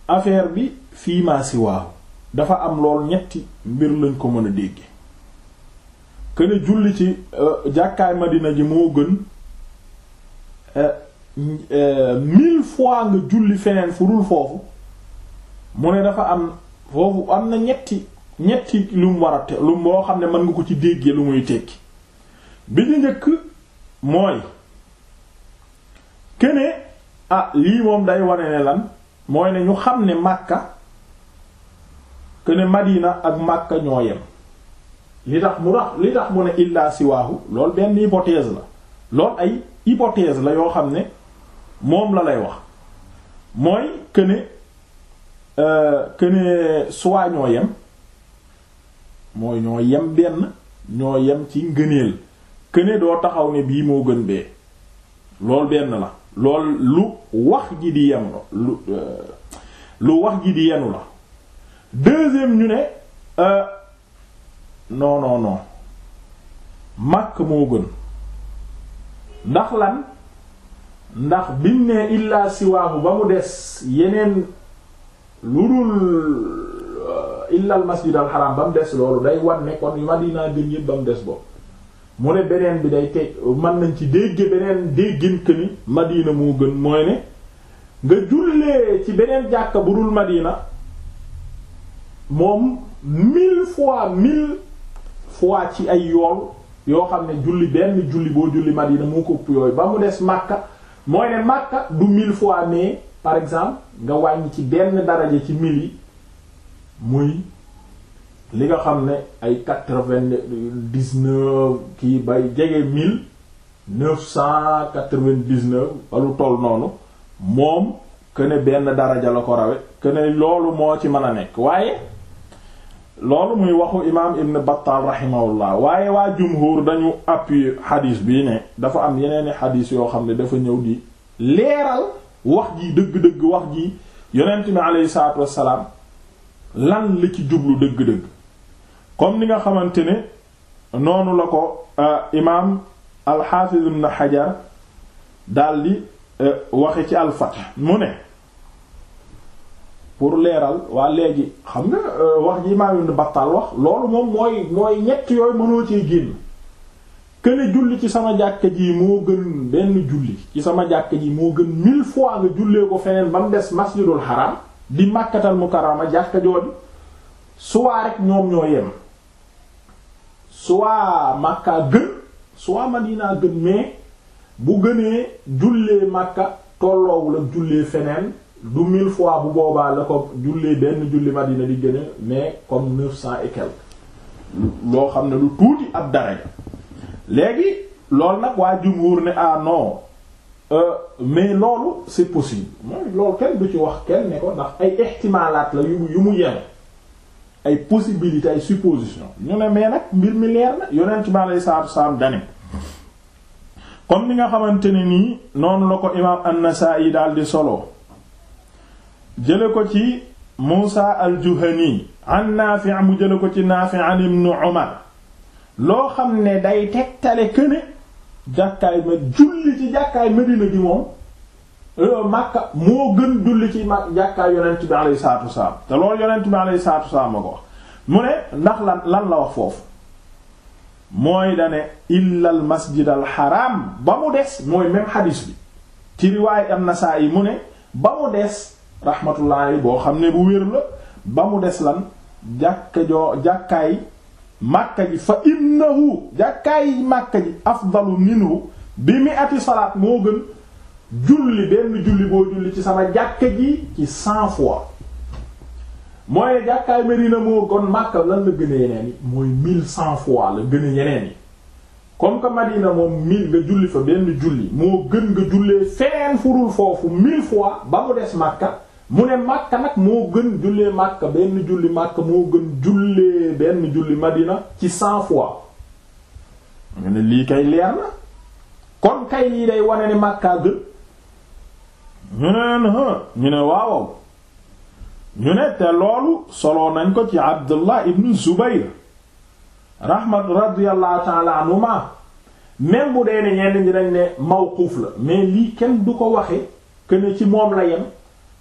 affaire bi fii maa si waaw dafa am lool ñetti mbir lañ ko mën a dégge këne julli ci euh, jàkkaay Madina ji moo gën euh, euh, mille fois nga julli feneen furul foofu mu ne dafa am foofu am na ñetti ñetti lu war a te lu moo xam ne mën nga ko ci déggee lu muy tekki bi di njëkk mooy këne ah lii moom day wane ne lan mooy ne ñu xam ne Makka këne Madina ak Makka ñoo yem li tax mu tax li tax mu ne illaa siwaahu lool benn hypothèse la loolu ay hypothèse la yoo xam ne moom la lay wax mooy que ne euh, que ne soit ñoo yem mooy ñoo yem benn ñoo yem ci ngëneel que doo taxaw ne bii moo gën bee loolu benn la lool lu wax ji di yenu lu euh, lu wax ji di yenu la deuxième ñu ne. Euh, non non non Makka moo gën ndax lan ndax bim ne illaa siwaahu ba mu des yeneen lu dul euh, illal masjid al ba mu des loolu day wan ne kon Madina gën yëpp ba mu des boobu mu ne beneen bi day teg mën nañ ci dégg beneen déggin que ni Madina moo gën mooy ne nga jullee ci beneen jàkka bu dul Madina moom mille fois mille fois ci ay yool yoo xam ne julli benn julli boo julli Madina moo ko ëpp yooyu ba mu des Makka mooy ne Makka du mille fois mais par exemple nga wàññi ci benn daraja ci mille muy li nga xam ne ay quatre vingt dix kii bay jege mille neuf cent quatre-vingt-dix-neuf walu toll noonu moom que ne benn daraja la ko rawe que loolu moo ci mën a nekk waaye loolu muy waxu imaam ibn Battal rahimahullah waaye waa jumhur dañu appuyer xadiis bii ne dafa am yeneeni xadiis yoo xam ne dafa ñëw di leeral wax ji dëgg-dëgg wax ji yonent mi aleyhi salaatu wassalaam lan li ci jublu dëgg-dëgg comme ni nga xamante ne noonu la ko euh, imaam al-Hafiz ibn Hajar daldi euh, waxe ci al mu ne pour leeral waa léegi xam nga euh, wax ji maa ngi battal wax loolu moom mooy mooy ñett yooyu mënoo ci sama jàkka ji moo gën benn julli ci sama jàkka ji moo gën mille fois nga jullee ko feneen ba mu des masjidul haram di màkkatal mukarrama jàkka jooju soit rek ñoom ñoo yem soit màkkaa gën soit madina gën mais bu gënee jullee màkka tolloowul ak jullee feneen du mille fois bu boobaa la ko jullee benn julli Madina di gën a mais comme neuf sant et quelque loo xam ne lu tuuti ab daraja léegi loolu nag waa jumhur ne ah no euh, mais loolu c'est possible mooy loolu kenn du ci wax kenn ne ko ndax ay ihtimalaat la yu mu yu ay possibilité ay supposition ñu ne mais nag mbir mi leer na yonent bi aleyhi salaatu salaam dane comme nga xamante ne nii noonu la ko imaam an-Nasa'i daal di solo. jële ko ci Muusa al-Juhani an Naafi mu jële ko ci Naafi an ibn Umar loo xam ne day tegtale këne jàkkaay ma julli ci jàkkaay Medina gi moom euh, Makka moo gën julli ci ma jàkkaay yonent bi alayhi salaatu wasalaam te loolu yonent bi alayhi salaatu wasalaam ma ko wax mu ne ndax lan lan la wax foofu mooy dane illal masjid al haram ba mu des mooy même hadis bi ci riwaay am Nasaa'i mu ne ba mu des rahmatullah boo xam ne bu wér la ba mu des lan jàkka joo jàkkaay màkka ji fa innahu jàkkaay màkka ji afdalu minhu bi mi ati salaat moo gën julli benn julli boo julli ci sama jàkka ji ci fois mooy jàkkaay Medina moo gën màkka lan la gën a yeneen yi mooy mille cent fois la gën a yeneen yi comme que Madina moom nga julli fa benn julli moo gën nga jullee feneen furul foofu fois ba mu des màkka mu ne Makka nag moo gën jullee Makka benn julli Makka moo gën jullee benn julli Madina ci cent fois mu ne lii kay leer na kon kay lii day wane ne Makka gën ñu ne te loolu solo nañ ko ci Abdullah ibn Zubayr rahmat radiyallahu ta'ala anhuma dee ne ñenn ñi ne mawquf la mais lii kenn du ko waxe que ne ci moom la yem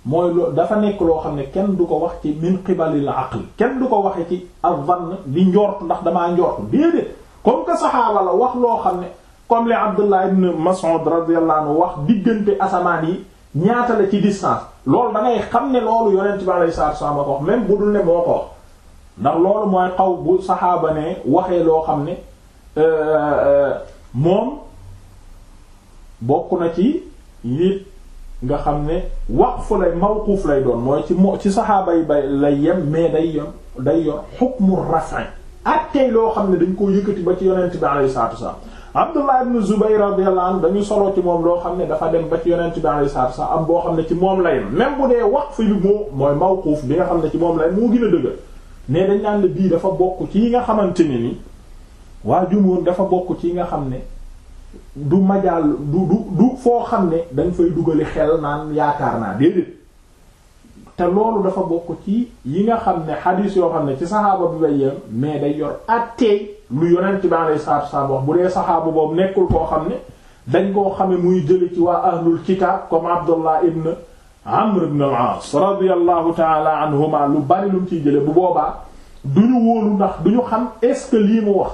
mooy loo dafa nekk loo xam ne kenn du ko wax ci min qibalil aql kenn du ko waxee ci avan di njort ndax damaa njort déedéet comme que saxaaba la wax loo xam ne comme li Abdullah ibn Mas'ud radiyallahu anhu wax diggante asamaan yi ñaata la ci distance loolu da xam ne loolu yonent bi alayhi salaatu wasallam ko wax moo ko wax ndax bu saxaaba ne waxee loo xam ne euh, euh, moom bokk na ci yit nga xam ne wax waqfu lay mawquuf lay doon mooy ci moo ci saxaaba yi ba lay yem mais day yem day yor xukmu raf'i ak tey loo xam ne dañ koo yëkkati ba ci yonent bi alayhi salaatu wa salaam Abdullah ibn Zubayr radiyallahu anhu dañu moom loo xam ne dafa dem ba ci yonent bi alayhi salaatu wa am boo xam ne ci moom lay même bu dee waqf bi moo mooy mawquuf bi nga xam ne ci moom lay moo gën a dëgër mais dañ naan la bii dafa bokk ci yi nga xamante ne nii waa jumhur dafa bokk ci yi nga xam ne du majaal du du du foo xam ne dañ fay dugali xel naan yaakaar naa déedéet te loolu dafa bokk ci yi nga xam ne xadiis yoo xam ne ci saxaaba bu bay yem mais day yor àtteey lu yonent bi alayhi salaatu bu dee saxaaba boobu nekkul koo xam ne dañ koo xame muy jële ci waa ahlul kitaab comme Abdullah ibn Amr ibn al-As radiyallahu ta'ala anhuma lu bari lu ciy jële bu boobaa duñu wóolu ndax duñu xam est-ce lii mu wax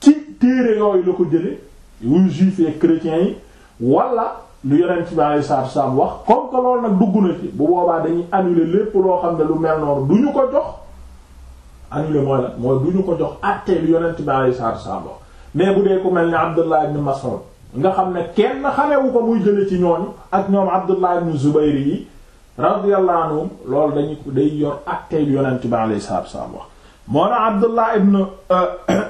ci téere yooyu la ko jële yu juif yi chrétiens yi wala lu yeneen ci baax saab saab wax comme que loolu nag dugg na ci bu boobaa dañuy annuler lépp loo xam ne lu mel noonu du ñu ko jox annuler mooy la mooy du ñu ko jox àttee lu yeneen ci baax saab saab wax mais bu dee ku mel ni Abdullah ibn Mas'ud nga xam ne kenn xamewu ko muy jële ci ñooñu ak ñoom Abdullah ibn Zubayr yi radiyallahu anhum loolu dañu day yor àttee lu yeneen ci baax saab saab wax moo na Abdullah ibn euh,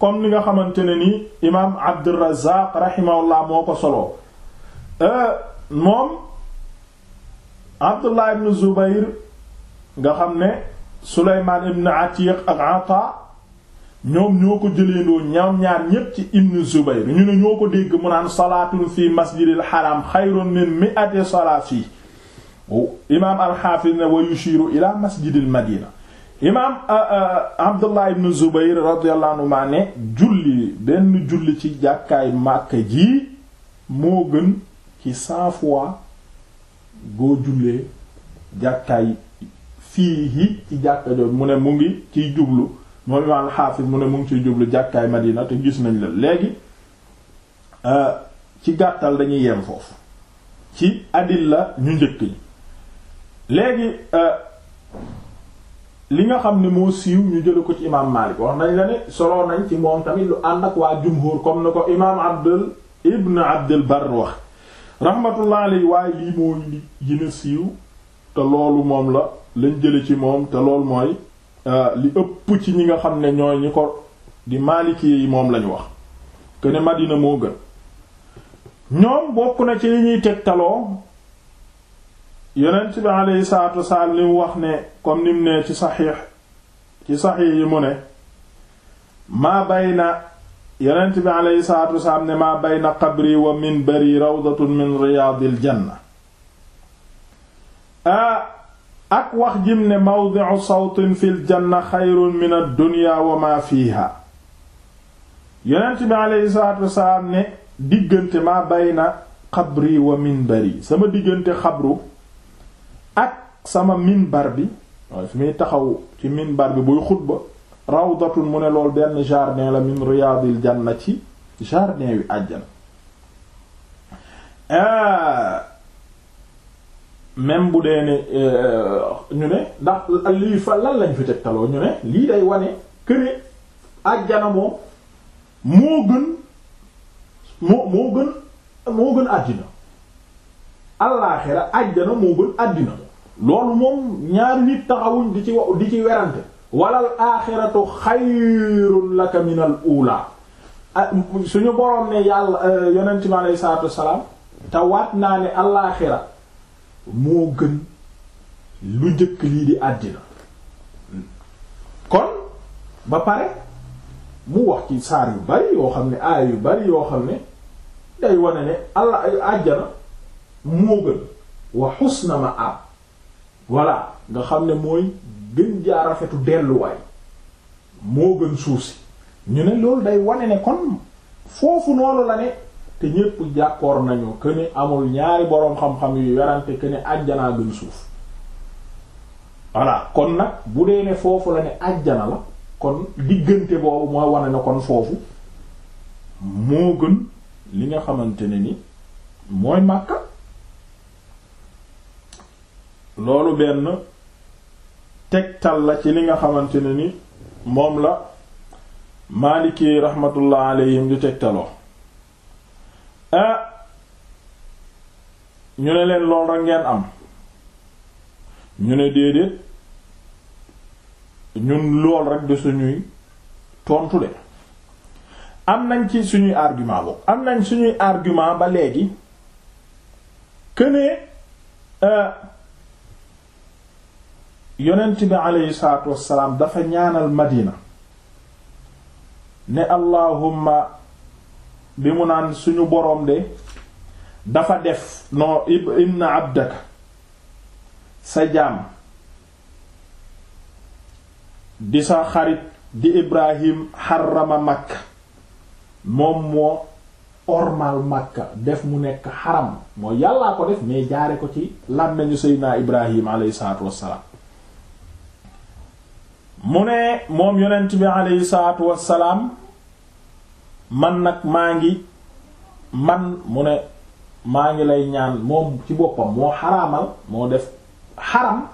comme li nga xamante ne ni imaam Abdurrazzaq rahimahullah moo ko solo euh, moom Abdullah ibn Zubayr nga xam ne Sulaymaan ibn Atiq ak Ata ñoom ñoo ko jëleendoo ñoom ñaar ñépp ci ibn Zubayr ñu ne ñoo ko dégg mu naan salaatun fi masjidil haram xayrun min mi'ati salaat fii imaam al-Hafiz ne wa yushiru ila masjidil madina imaam euh, euh, Abdullah ibn Zubayr radiyallahu anhu maa julli benn julli ci jàkkaay Màkka ji moo gën ci cent fois boo jullee jàkkaay fii yi ci jàkka jooju mu ne mu ngi ciy jublu moom imaam al mu ne mu ngi ciy jublu jàkkaay Madina te gis nañ la léegi euh, ci gàttal dañuy yem foofu ci adilla ñu njëkk ñi léegi li nga xam ne moo siiw ñu jële ko ci imaam Maalik wax nañ la ne soloo nañ ci moom tamit lu ànd ak waa jumhur comme na ko imaam Abdul ibn Abdul Barr wax rahmatullah alayhi waaye lii moo gën a siiw te loolu moom la lañ jële ci moom te lool mooy euh, li ëpp ci ñi nga xam ne ñooy ñi ko di Maaliki yi moom lañu wax que ne Madina moo gën ñoom bokk na ci li ñuy tegtaloo yonent bi aleyhi salaatu wasalaam li mu wax ne comme nim ne ci saxiix ci saxiix yi mu ne maa bayna yonent bi aleyhi salaatu wasalaam ne maa bayna qabri wa minbari rawdatun min riyaadil janna a ak wax jim ne mawdi'u sawtin fil janna xayrun min ad wa maa fiiha ne diggante maa bayna qabri wa minbari sama diggante xabru ak sama minbar bi waaye fi muy taxaw ci minbar bi buy xutba rawdatun mu ne lool benn jardin la min jan na ci jardin wi àjjana ah, même bu dee ne euh, ñu ne ndax lii fa lan lañ fi tegtaloo ñu ne lii day wane këne àjjana moom gën moo moo gën moo gën àddina allaaxira àjjana moo gën àddina loolu moom ñaari nit taxawuñ di ci wa di ci werante walal aaxiratu xayrun laka minal uulaa ah, suñu boroom ne yàlla euh, yonent bi aleyhi salaatu te waat naa ne alaaxira moo gën lu njëkk lii di àddina kon ba pare mu wax ci saar yu bari yoo xam ne aaya yu bari yoo xam ne day wane ne allah àjjana moo gën wa xusna ma ab voilà nga xam ne mooy gën jaa rafetu delluwaay moo gën suuf si ñu ne loolu day wane ne kon foofu noonu la ne te ñépp jàkkoor nañu que amul ñaari boroom xam-xam yu werante que ne àjjanaa gën suuf voilà kon nag bu dee ne foofu la ne àjjana la kon diggante boobu mooy wane ne kon foofu moo gën li nga xamante ne ni mooy Makka loolu benn tegtal la ci li nga xamante ne ni moom la maaliki rahmatullah alayhim di tegtaloo a ñu ne leen lool rekk ngeen am ñu ne déedéet ñun lool rekk de suñuy tontu de am nañ ci suñuy argument boobu am nañ suñuy argument ba léegi que euh, yonent bi aleyhi salaatu wassalaam dafa ñaanal madina ne allahumma bi mu naan suñu boroom de dafa def noo ibn abdaka sa jaam di sa xarit di ibrahim xarama makka moom moo ormal makka def mu nekk xaram moo yàllaa ko def mais jaare ko ci làmmeñu seydinaa ibrahim aleyhi salaatu wassalaam mu ne moom yonent bi aleyhi salaatu wassalaam man nag maa ngi man mu ne maa ngi lay ñaan moom ci boppam moo xaraamal moo def xaram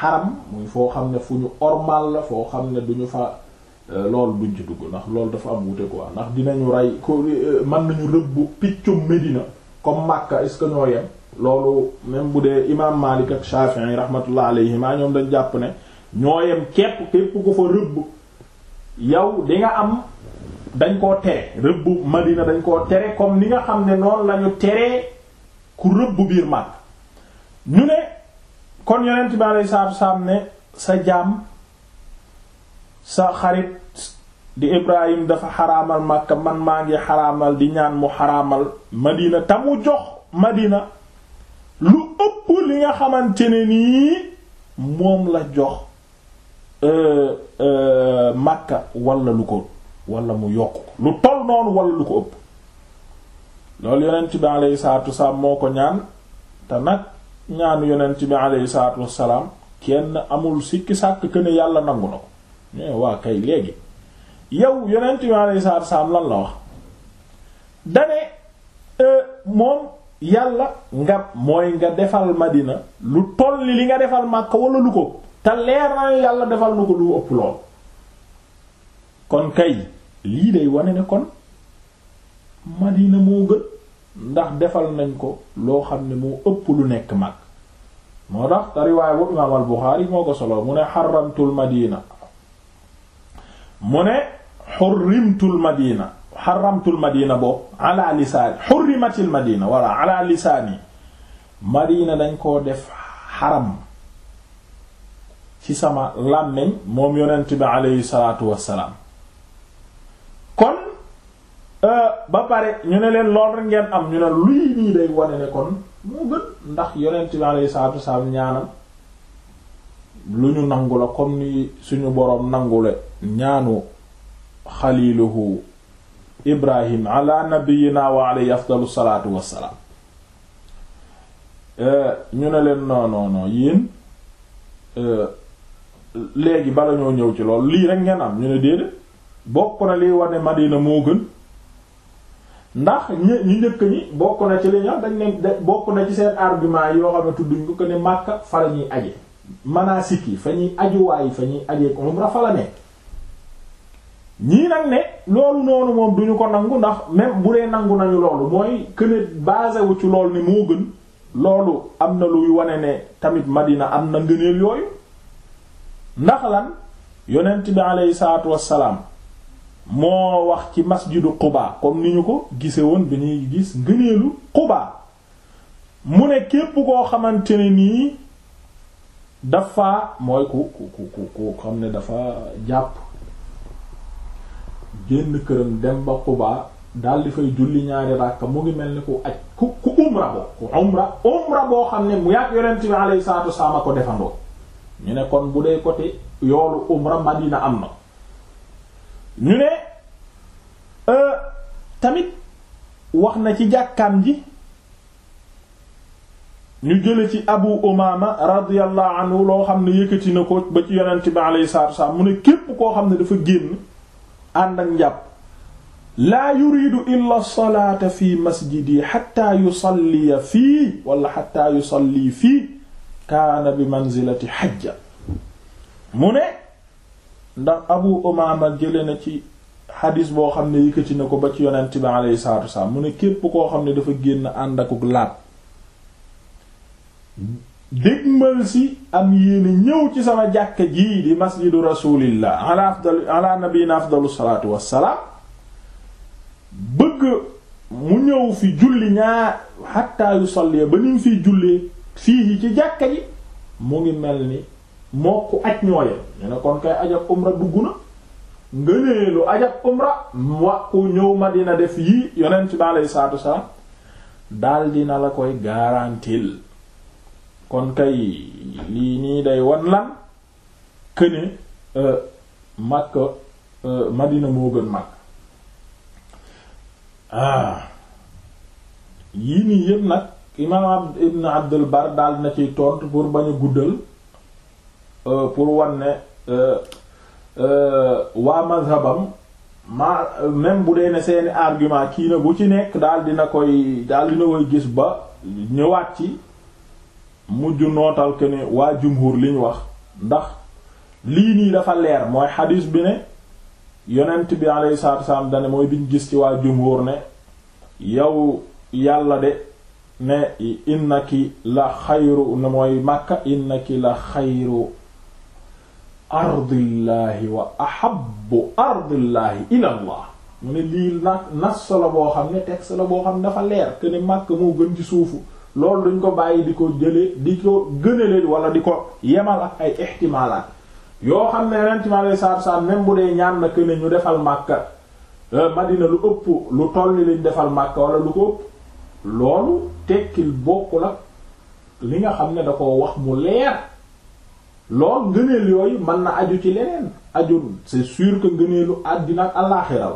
xaram muy foo xam ne fu ñu ormal la foo xam ne duñu fa euh, loolu duñ ci dugg ndax loolu dafa am wute quoi ndax dinañu rey ko euh, mën nañu rëbb piccum Medina comme Makka est-ce que ñoo yem loolu même bu dee imaam Maalik ak Shafi'i rahmatullah alayhima ñoom dañ jàpp ne ñoo yem képp képp ku fa rëbb yow di nga am dañ koo tere rëbb Madina dañ koo tere comme ni nga xam ne noonu lañu tere ku rëbb biir Makka ñu ne kon yonent bi alayhi salaatu salaam ne sa jaam sa xarit di Ibrahim dafa xaraamal Makka man maa ngi xaraamal di ñaan mu xaramal Madina te mu jox Madina lu ëpp li nga xamante ne nii moom la jox Euh, euh, Makka wala lu ko wala mu yokk ko lu toll noonu wala lu ko ëpp loolu yonent bi alayhi salaatu wasalaam moo ko ñaan te nag ñaan yonent bi alayhi salaatu salaam kenn amul sikki sàkk que yàlla nangu na ko mais waa kay léegi yow yonent bi alayhi salaatu wasalaam lan la wax dane euh, moom yàlla nga mooy nga defal Madina lu toll li nga defal Makka wala lu ko te leer na yàlla defal na ko lu ëpp lool kon kay lii day wane ne kon Madina moo gën ndax defal nañ ko loo xam ne moo ëpp lu nekk mag moo tax te riwaay bu imaam Buxaari moo ko solo mu ne xaramtul Madina mu ne xurrimtul Madina xaramtul Madina boobu ala lisaani xurrimatil Madina walla ala lisaani dañ koo def xaram ci sama làmmiñ moom yonent bi aleyhi salaatu wassalaam kon euh, ba pare ñu ne leen lool rek ngeen am ñu ne luy nii day wane ne kon moo gën ndax yonent bi aleyhi salaatu wassalaam ñaanam lu ñu nangu la comme ni suñu boroom nangule ñaanu xaliluhu ibrahim ala nabiyina wa alayhi afdalu salaatu wassalaam euh, ñu ne leen non non euh, léegi bala ñoo ñëw ci lool lii rek ngeen am ñu ne déedéet bokk na liy wane Madina moo gën ndax ñi ñu njëkk ñi bokk na ci li ñu dañ ne bokk na ci seen argument yoo xam ne tudduñ ko ne fa la ñuy aje manaasik yi fa ajuwaay fa ñuy aje ak umra fa la ne ñii nag ne loolu noonu moom duñu ko nangu ndax même bu dee nangu nañu loolu mooy këne baasewu ci loolu ni moo gën loolu am na luy wane ne tamit Madina am na ngëneel yooyu ndax lan yonent bi aleyhi salaatu wassalaam moo wax ci masjidu Quba comme ni ñu ko gise woon bi ñuy gis ngëneelu xubaa mu ne képp koo xamante ne nii dafa mooy ku ku ku ku xam ne dafa jàpp génn këram dem ba Quba dal di fay julli ñaari ràkka mu ngi mel ni ku aj ku ku umra boo ku umra umra boo xam ne mu yàgg yonent bi aleyhi salaatu wassalaam a defandoo ñu ne kon bu dee côté yoolu umra Madina am na ñu ne euh, tamit wax na ci jàkkaam ji ñu jële ci Abu Umaama radiyallahu loo xam ne yëkkati na ko ba ci yonent bi alayhi salaatu wasallam mu ne képp koo xam ne dafa génn ànd ak njàpp laa yuridu illa salaata fi masjidi xatta yusalliya fii wala xatta yusalli fii kaana bi manzilati xajja mu ne ndax abu umaama jële na ci xadis boo xam ne yëkkati na ko ba ci yonent bi alayhi salaatu wasalaam mu ne képp koo xam ne dafa génn ànd akuk laab dégmal si am yéene ñëw ci sama jàkk ji di masjidu rasulillah ala afdal ala nabiyina afdalu salaatu wassalaam bëgg mu ñëw fi julli ñaar xatta yusalli ba ni mu fiy jullee fii yi ci jàkka ji mu ngi mel ni moo ku aj ñooyee ne kon kay aj ak umra dugg na ngëneelu aj ak umra wa ku ñëw Madina def yii yonent bi alayhi salaatu wasalaam daal dina la koy garantil kon kay lii nii day wan lan këne euh, Makka euh, Madina moo gën Makka ah yii nii yépp nag imaam ibn abdul bar daal na ciy tontu pour ba a guddal euh, pour wan ne euh, euh, waa mazhabam ma même bu dee ne seeni argument kii na bu ci nekk daal na koy daal dina koy gis ba ñëwaat ci mujj nootal que ne waa jumhur liñ wax ndax lii nii dafa leer mooy xadiis bi ne yonent bi alayhi salaatu wa salaam mooy biñ gis ci waa jumhur ne yow yàlla de ne innaki la xayru na mooy Makka innaki la xayru ardillaahi wa ahabbu ardillaahi ila mu ne lii na nas la boo xam ne texte la boo xam ne dafa leer que ne Makka moo gën ci suufu loolu duñ ko bàyyi di ko jëlee di ko gënaleen wala di ko yemal ak ay ixtimaalaat yoo xam ne rentimaale saab saab même bu dee ñaan na que ne ñu defal Makka euh, Madina lu ëpp lu toll ni lañ defal Makka wala lu ko ëpp loolu tekkil bokkul ak li nga xam ne da wax mu leer lool ngëneel yooyu mën na aju ci leneen ajul c'est sûr que ngëneelu àddina ak àllaaxira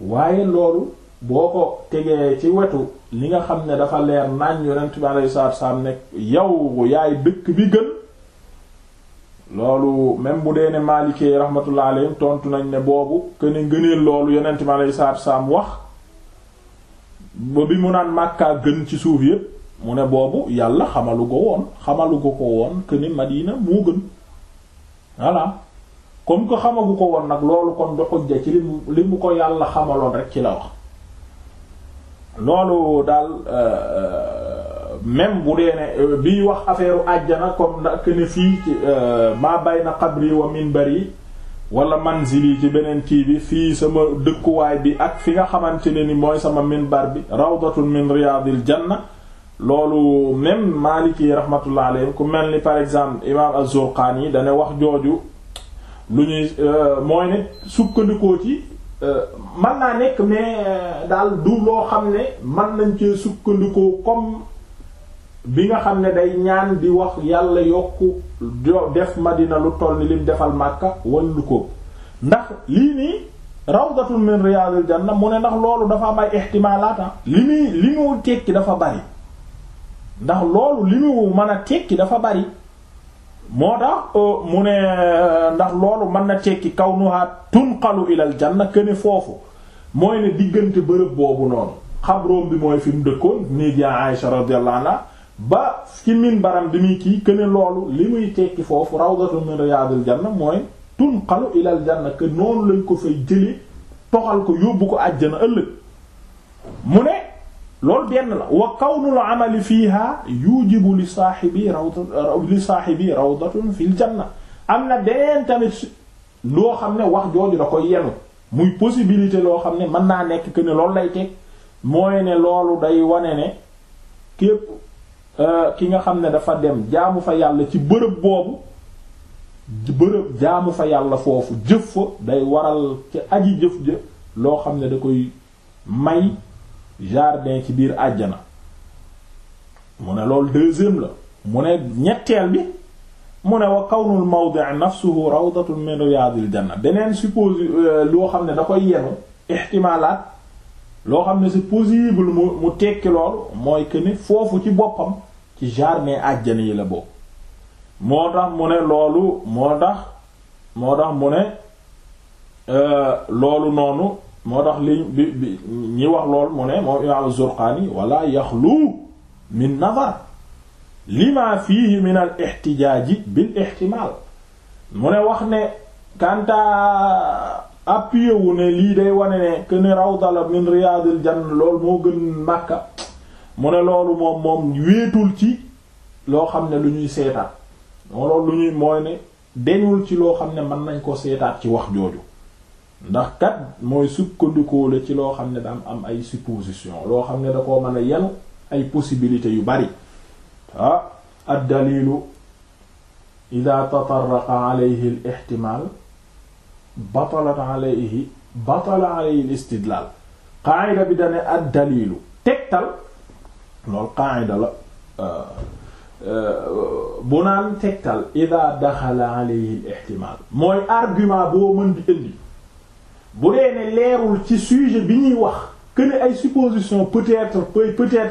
waaye loolu boo ko tegee ci wetu li nga xam ne dafa leer nañ yonent bi alayhi salaatu salaam nekk yow yaay dëkk bi gën loolu même bu dee ne maalikee rahmatullah alayhim tontu nañ ne boobu que ne ngëneel loolu yonent bi alayhi salaatu salaam wax ba bi mu naan Makka gën ci suuf yépp mu ne boobu yàlla xamalu ko woon xamalu ko woon que ni Madina moo gën voilà comme que xamagu ko woon nag loolu kon du xujja ci li mu ko yàlla xamaloon rek ci la wax loolu daal euh, euh, même bu dee ne euh, biy wax affaire u àjjana comme que ne fii ma bayna qabri wa minbari wala manzili ci beneen kii bi fii sama dëkkuwaay bi ak fi nga xamante ne ni mooy sama minbar bi rawdatun min riyadil janna loolu même maaliki rahmatullah alayhi ku mel ni par exemple imam az-Zurqaani yi dana wax jooju lu ñuy euh, mooy ne sukkandikoo ci euh, man naa nekk mais euh, daal du loo xam ne man nañ cee sukkandikoo comme bi nga xam ne day ñaan di wax yàlla yokk def Madina lu toll ni lim defal Makka wallu ko ndax lii nii rawdatun min riyadil janna mu ne ndax loolu dafa am ay ah. li muy li mu tekki dafa bari ndax loolu li mu mën a tekki dafa bari moo tax euh, mu ne ndax loolu mën na tekki kawnuha tunqalu ilal janna këne foofu mooy ne diggante bërëb boobu noonu xabroom bi mooy fi mu dëkkoon néegi Aisha radiyallahu anha ba ci baram di muy kii que ne loolu li muy tekki foofu rawdatu min riyaadil janna mooy tunqalu ilal janna que noonu lañ ko fay jëlee toxal ko yóbbu ko àjjana ëllëg mu ne loolu benn la wa kawnul amali fiiha yujibu li saahibi rawdatu li saahibi rawdatun fil janna am na beneen tamit loo xam ne wax jooju da koy yenu muy possibilité loo xam ne mën naa nekk que ne loolu lay teg mooy ne loolu day wane ne képp Euh, ki nga xam ne dafa dem jaamu fa yàlla ci bërëb boobu bërëb jaamu fa yàlla foofu jëf fa day waral ci aji jëf ja loo xam ne da koy may jardin ci biir àjjana mu ne loolu deuxième la mu ne ñetteel bi mu ne wa kawnul mawdi' nafsuhu rawdatun min riyadil janna beneen suppose euh, loo xam ne da koy yenu ihtimalaat loo xam ne c'est possible mu mu tekki loolu mooy que ni foofu ci boppam ci jardin àjjana yi la bokk moo tax mu ne loolu moo tax moo tax mu ne euh, loolu noonu moo tax li bi bi ñi wax lool mu ne moom imaam Zurqaani wala yaxlu min nazar lima fiihi min al ixtijaaji bil ixtimaal mu ne wax ne kanta appuyé wu ne lii day wane ne que ne rawda la min riyaadil janna moo gën Makka mu ne loolu moom moom wéetul ci loo xam ne lu ñuy seetaat moo loolu mooy ne deñul ci loo xam ne mën nañ ko seetaat ci wax jooju ndax kat mooy sukkandikoo ci loo xam ne da am ay supposition loo xam ne da koo mën a ay possibilité yu bari ah ad dalilu ida tatarraqa alayhi al batalat alayhi batala alayhi al qaayida bi dane ad dalilu tegtal loolu qaayida la euh, euh, bu naan tegtal ida daxala alayhi al mooy argument boo mën di indi bu dee ne leerul ci sujet bi ñuy wax que ay supposition peut-être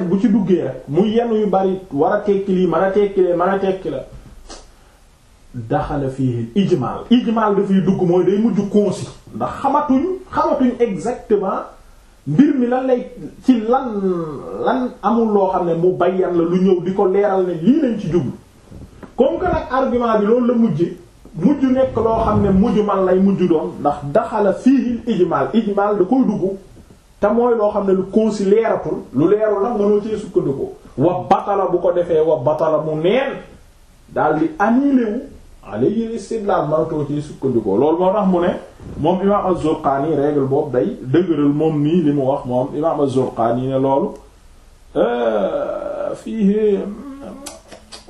bu ci duggee mu yenn yu bari war a tekki lii mën a tekki lee mën a tekki la daxala fii ijmal ijmal dafay dugg mooy day mujj concis ndax xamatuñ xamatuñ exactement mbir mi lan lay ci lan lan amul loo xam ne mu bayyan la lu ñëw di ko leeral ne lañ ci jublu comme que bi loolu la mujj mujj nekk loo xam ne mujj man lay mujj doon ndax daxala fii ijmal ijmal da koy dugg te mooy loo xam ne lu concis leeratul lu leerul nag mënoo cee sukkandiku wa batala bu ko defee wa batala mu neen daal di annulé wu alayhi istidlal mantoo ci sukkandikoo loolu moo tax mu ne moom imaam az-Zurqaani règle boobu day dëgëral moom nii li mu wax moom imaam az-Zurqaani ne loolu euh, fiihi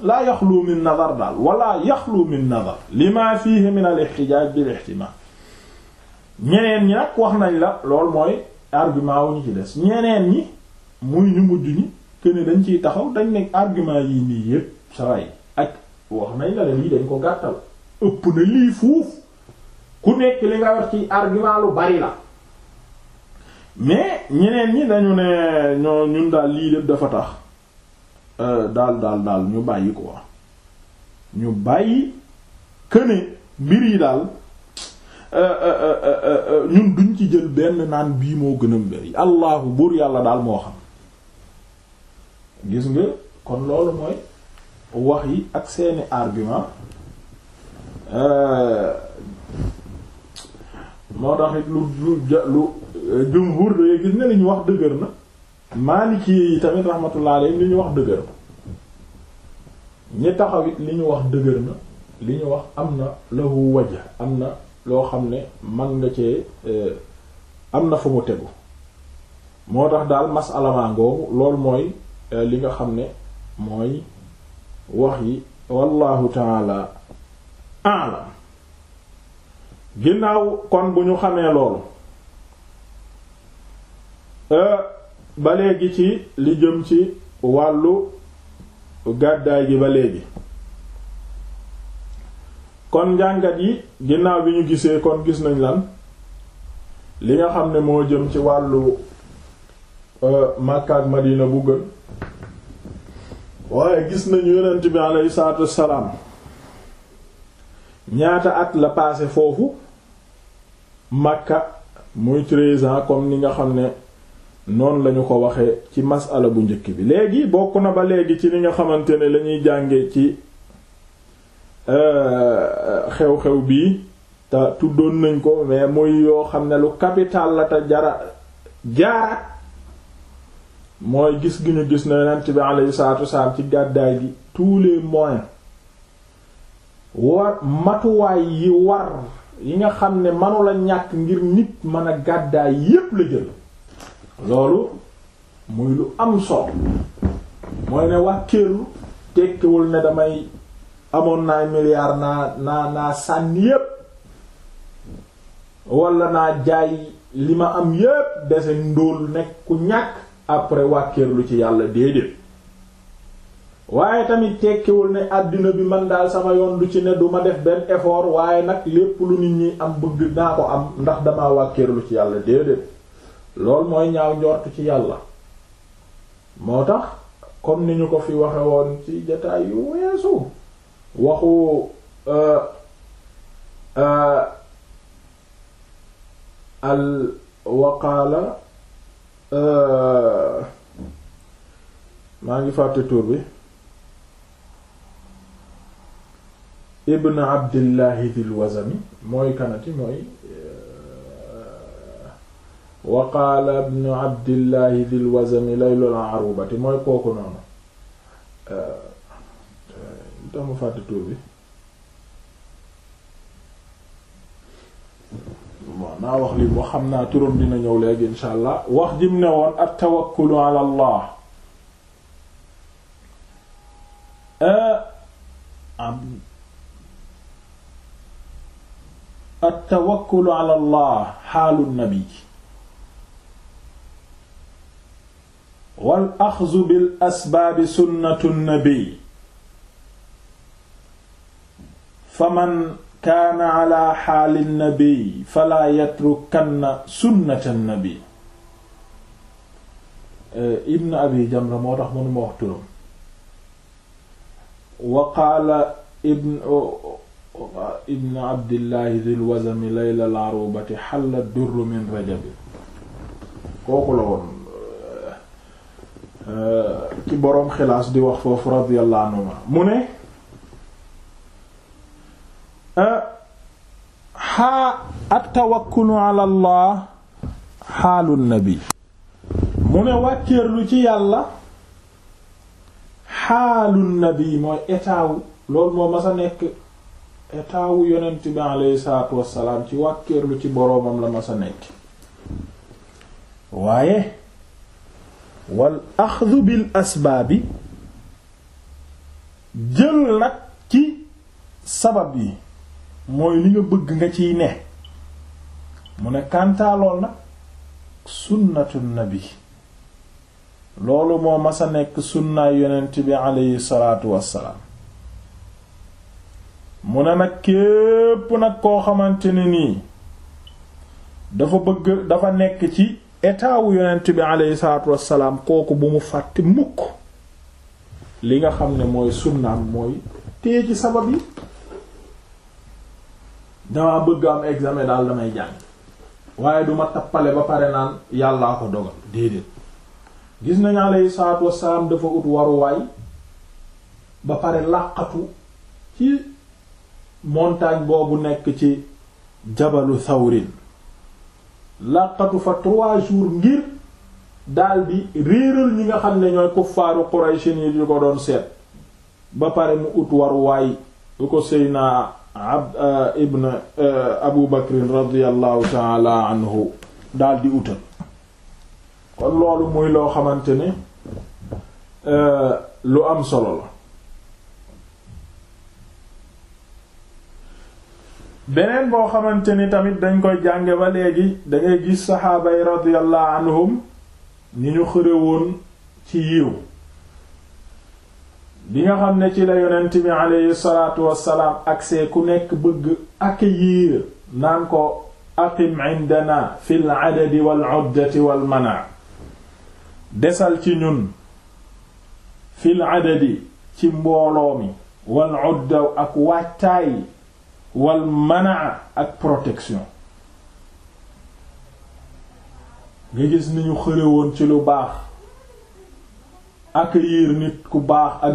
laa yaxlu min nazar daal walla yaxlu min nazar lima fiihi min al-ihtijaaj bil ihtimaal ñeneen ñi nag wax nañ la lool mooy argument wu ñu ci des ñeneen ñi muy ñu mujj ñi que dañ ciy taxaw dañ nekk argument yi nii yépp saa yi wax nañ la lii dañ ko gàttal ëpp na lii fuuf ku nekk li nga wax ci argument lu bari la mais ñeneen ñi dañu ne ñoo ñun daal lii lépp dafa tax euh, daal daal daal ñu bàyyi ko wax ñu bàyyi këne mbir yi daal euh, euh, ñun duñ ci jël benn naan bii moo gën a mbir allahu buur yàlla daal moo xam gis nga kon loolu mooy wax yi ak seeni argument euh, moo tax it lu lu lu euh, jumhur day gis ne li ñu wax dëgër na maaliki yi tamit rahmatullah alayhi li ñu wax dëgër na ñi taxaw li ñu wax dëgër na li ñu wax am na lahu wajh am na loo xam ne man nga cee euh, am na fu mu tegu moo tax daal masala maa ngoogu loolu mooy li nga xam ne mooy wax yi wallahu taala ginnaaw kon bu ñu xamee loolu euh, ba léegi ci li jëm ci wàllu gàddaay gi ba léegi kon njàngat yi ginnaaw bi ñu gisee kon gis nañ lan li nga xam ne moo jëm ci wàllu euh, Makka Madina bu gën waaye gis nañu yonent bi aleyhi salaatu wassalaam ñaata at la passé foofu Makka muy treize ans comme ni nga xam ne noonu lañu ko waxee ci masala bu njëkk bi léegi bokk na ba léegi ci li nga xamante ne lañuy jànge ci euh, xew-xew bii te tuddoon nañ ko mais muy yoo xam ne lu capital la te jara jaaraat mooy gis gi ñu gis na yonent bi alayhi salaatu wasalaam ci gàddaay gi tous les moyens war matuwaay yi war yi nga xam ne manula ñàkk ngir nit mën a gàddaay yépp la jël loolu muy lu am solo mooy ne wàkkeelu tekkiwul ne damay amoon naa milliard naa naa naa sànni yépp walla naa jaay li ma am yépp dese ndóol nekk ku ñàkk après wàkkeerlu ci yàlla déedéet waaye tamit tekkiwul ne àddina bi man daal sama yoon du ci ne du ma def benn effort waaye nag lépp lu nit ñi am bëgg naa ko am ndax damaa wàkkeerlu ci yàlla déedéet lool mooy ñaaw njort ci yàlla moo tax comme ni ñu ko fi waxe woon ci jataay yu weesu waxu euh, euh, al waqaala Euh, maa ngi fàtte tur bi ibn abdillahi dil wazami mooy kanati mooy euh, wa qaala ibn abdillahi dil wazami laylul arubati mooy kooku noonu dama euh, fàtte tur bi naa wax lii boo xam naa turam dina ñëw léegi insha allah wax jim ne woon at tawakkulu ala allah eh, at tawakkulu ala allah xaalu nabi wal axzu bil asbaabi sunnatu nabi faman kaana ala xaali nabi fala yatrukanna sunnata nabi eh, ibn abi jamra moo tax mënuma wax turam wa qaala ibn ibn abdillahi dil wazami layla laarubati xalla durru min rajabi kooku la woon ci eh, eh, boroom xilaas di wax foofu radiyallahu anhu mu ne xaa attawakkulu allah xaalu nabi mu ne wàkkeerlu ci yàlla xaalu nabi mooy état wu loolu moo masa nekk état wu yonent bi aleyhi salaatu wassalaam ci wàkkeerlu ci boroomam la masa nekk waaye wal axdu bil asbaabi jël nag ci sabab yi mooy li nga bëgg nga ciy ne mu ne kàntaa lool nag sunnatu bi loolu moo mas a nekk sunnaay yonent bi aleyhi salaatu wassalaam mu ne nag képp nag koo xamante ne nii dafa bëgg dafa nekk ci état wu yonent bi aleyhi salaatu wassalaam kooku bu mu fàtte mukk li nga xam ne mooy sunnaam mooy téye ci sabab yi damaa bëgg am examen daal damay jàng waaye duma tappale ba pare naan yàllaa ko dogal déedéet gis nañu alayhi salaatu wassalaam dafa ut waruwaay ba pare làqatu ci montagne boobu nekk ci jabalu thawrin làqatu fa trois jours ngir daldi réeral ñi nga xam ne ñooy kuffaaru Quraysh yi di ko doon seet ba pare mu ut waruwaay bu ko sëy naa ab eh, ibn eh, abu bakrin radiallahu taala anhu daal di utal kon loolu muy loo xamante ne eh, lu am solo la beneen boo xamante ni tamit dañ koy jànge ba léegi dangay gis saxaaba yi radiallahu anhum ni ñu xëre woon ci yiw bi nga xam ne ci la yonent bi aleyhi wassalaam agsee ku nekk bëgg accueillir naan ko aqim indana fi l adadi wal oddati wal desal ci ñun fi l adadi ci mbooloo mi wal odda ak wàccaay wal mana ak protection nga gis ni ñu xëre woon ci lu baax ak accueillir nit ku baax ak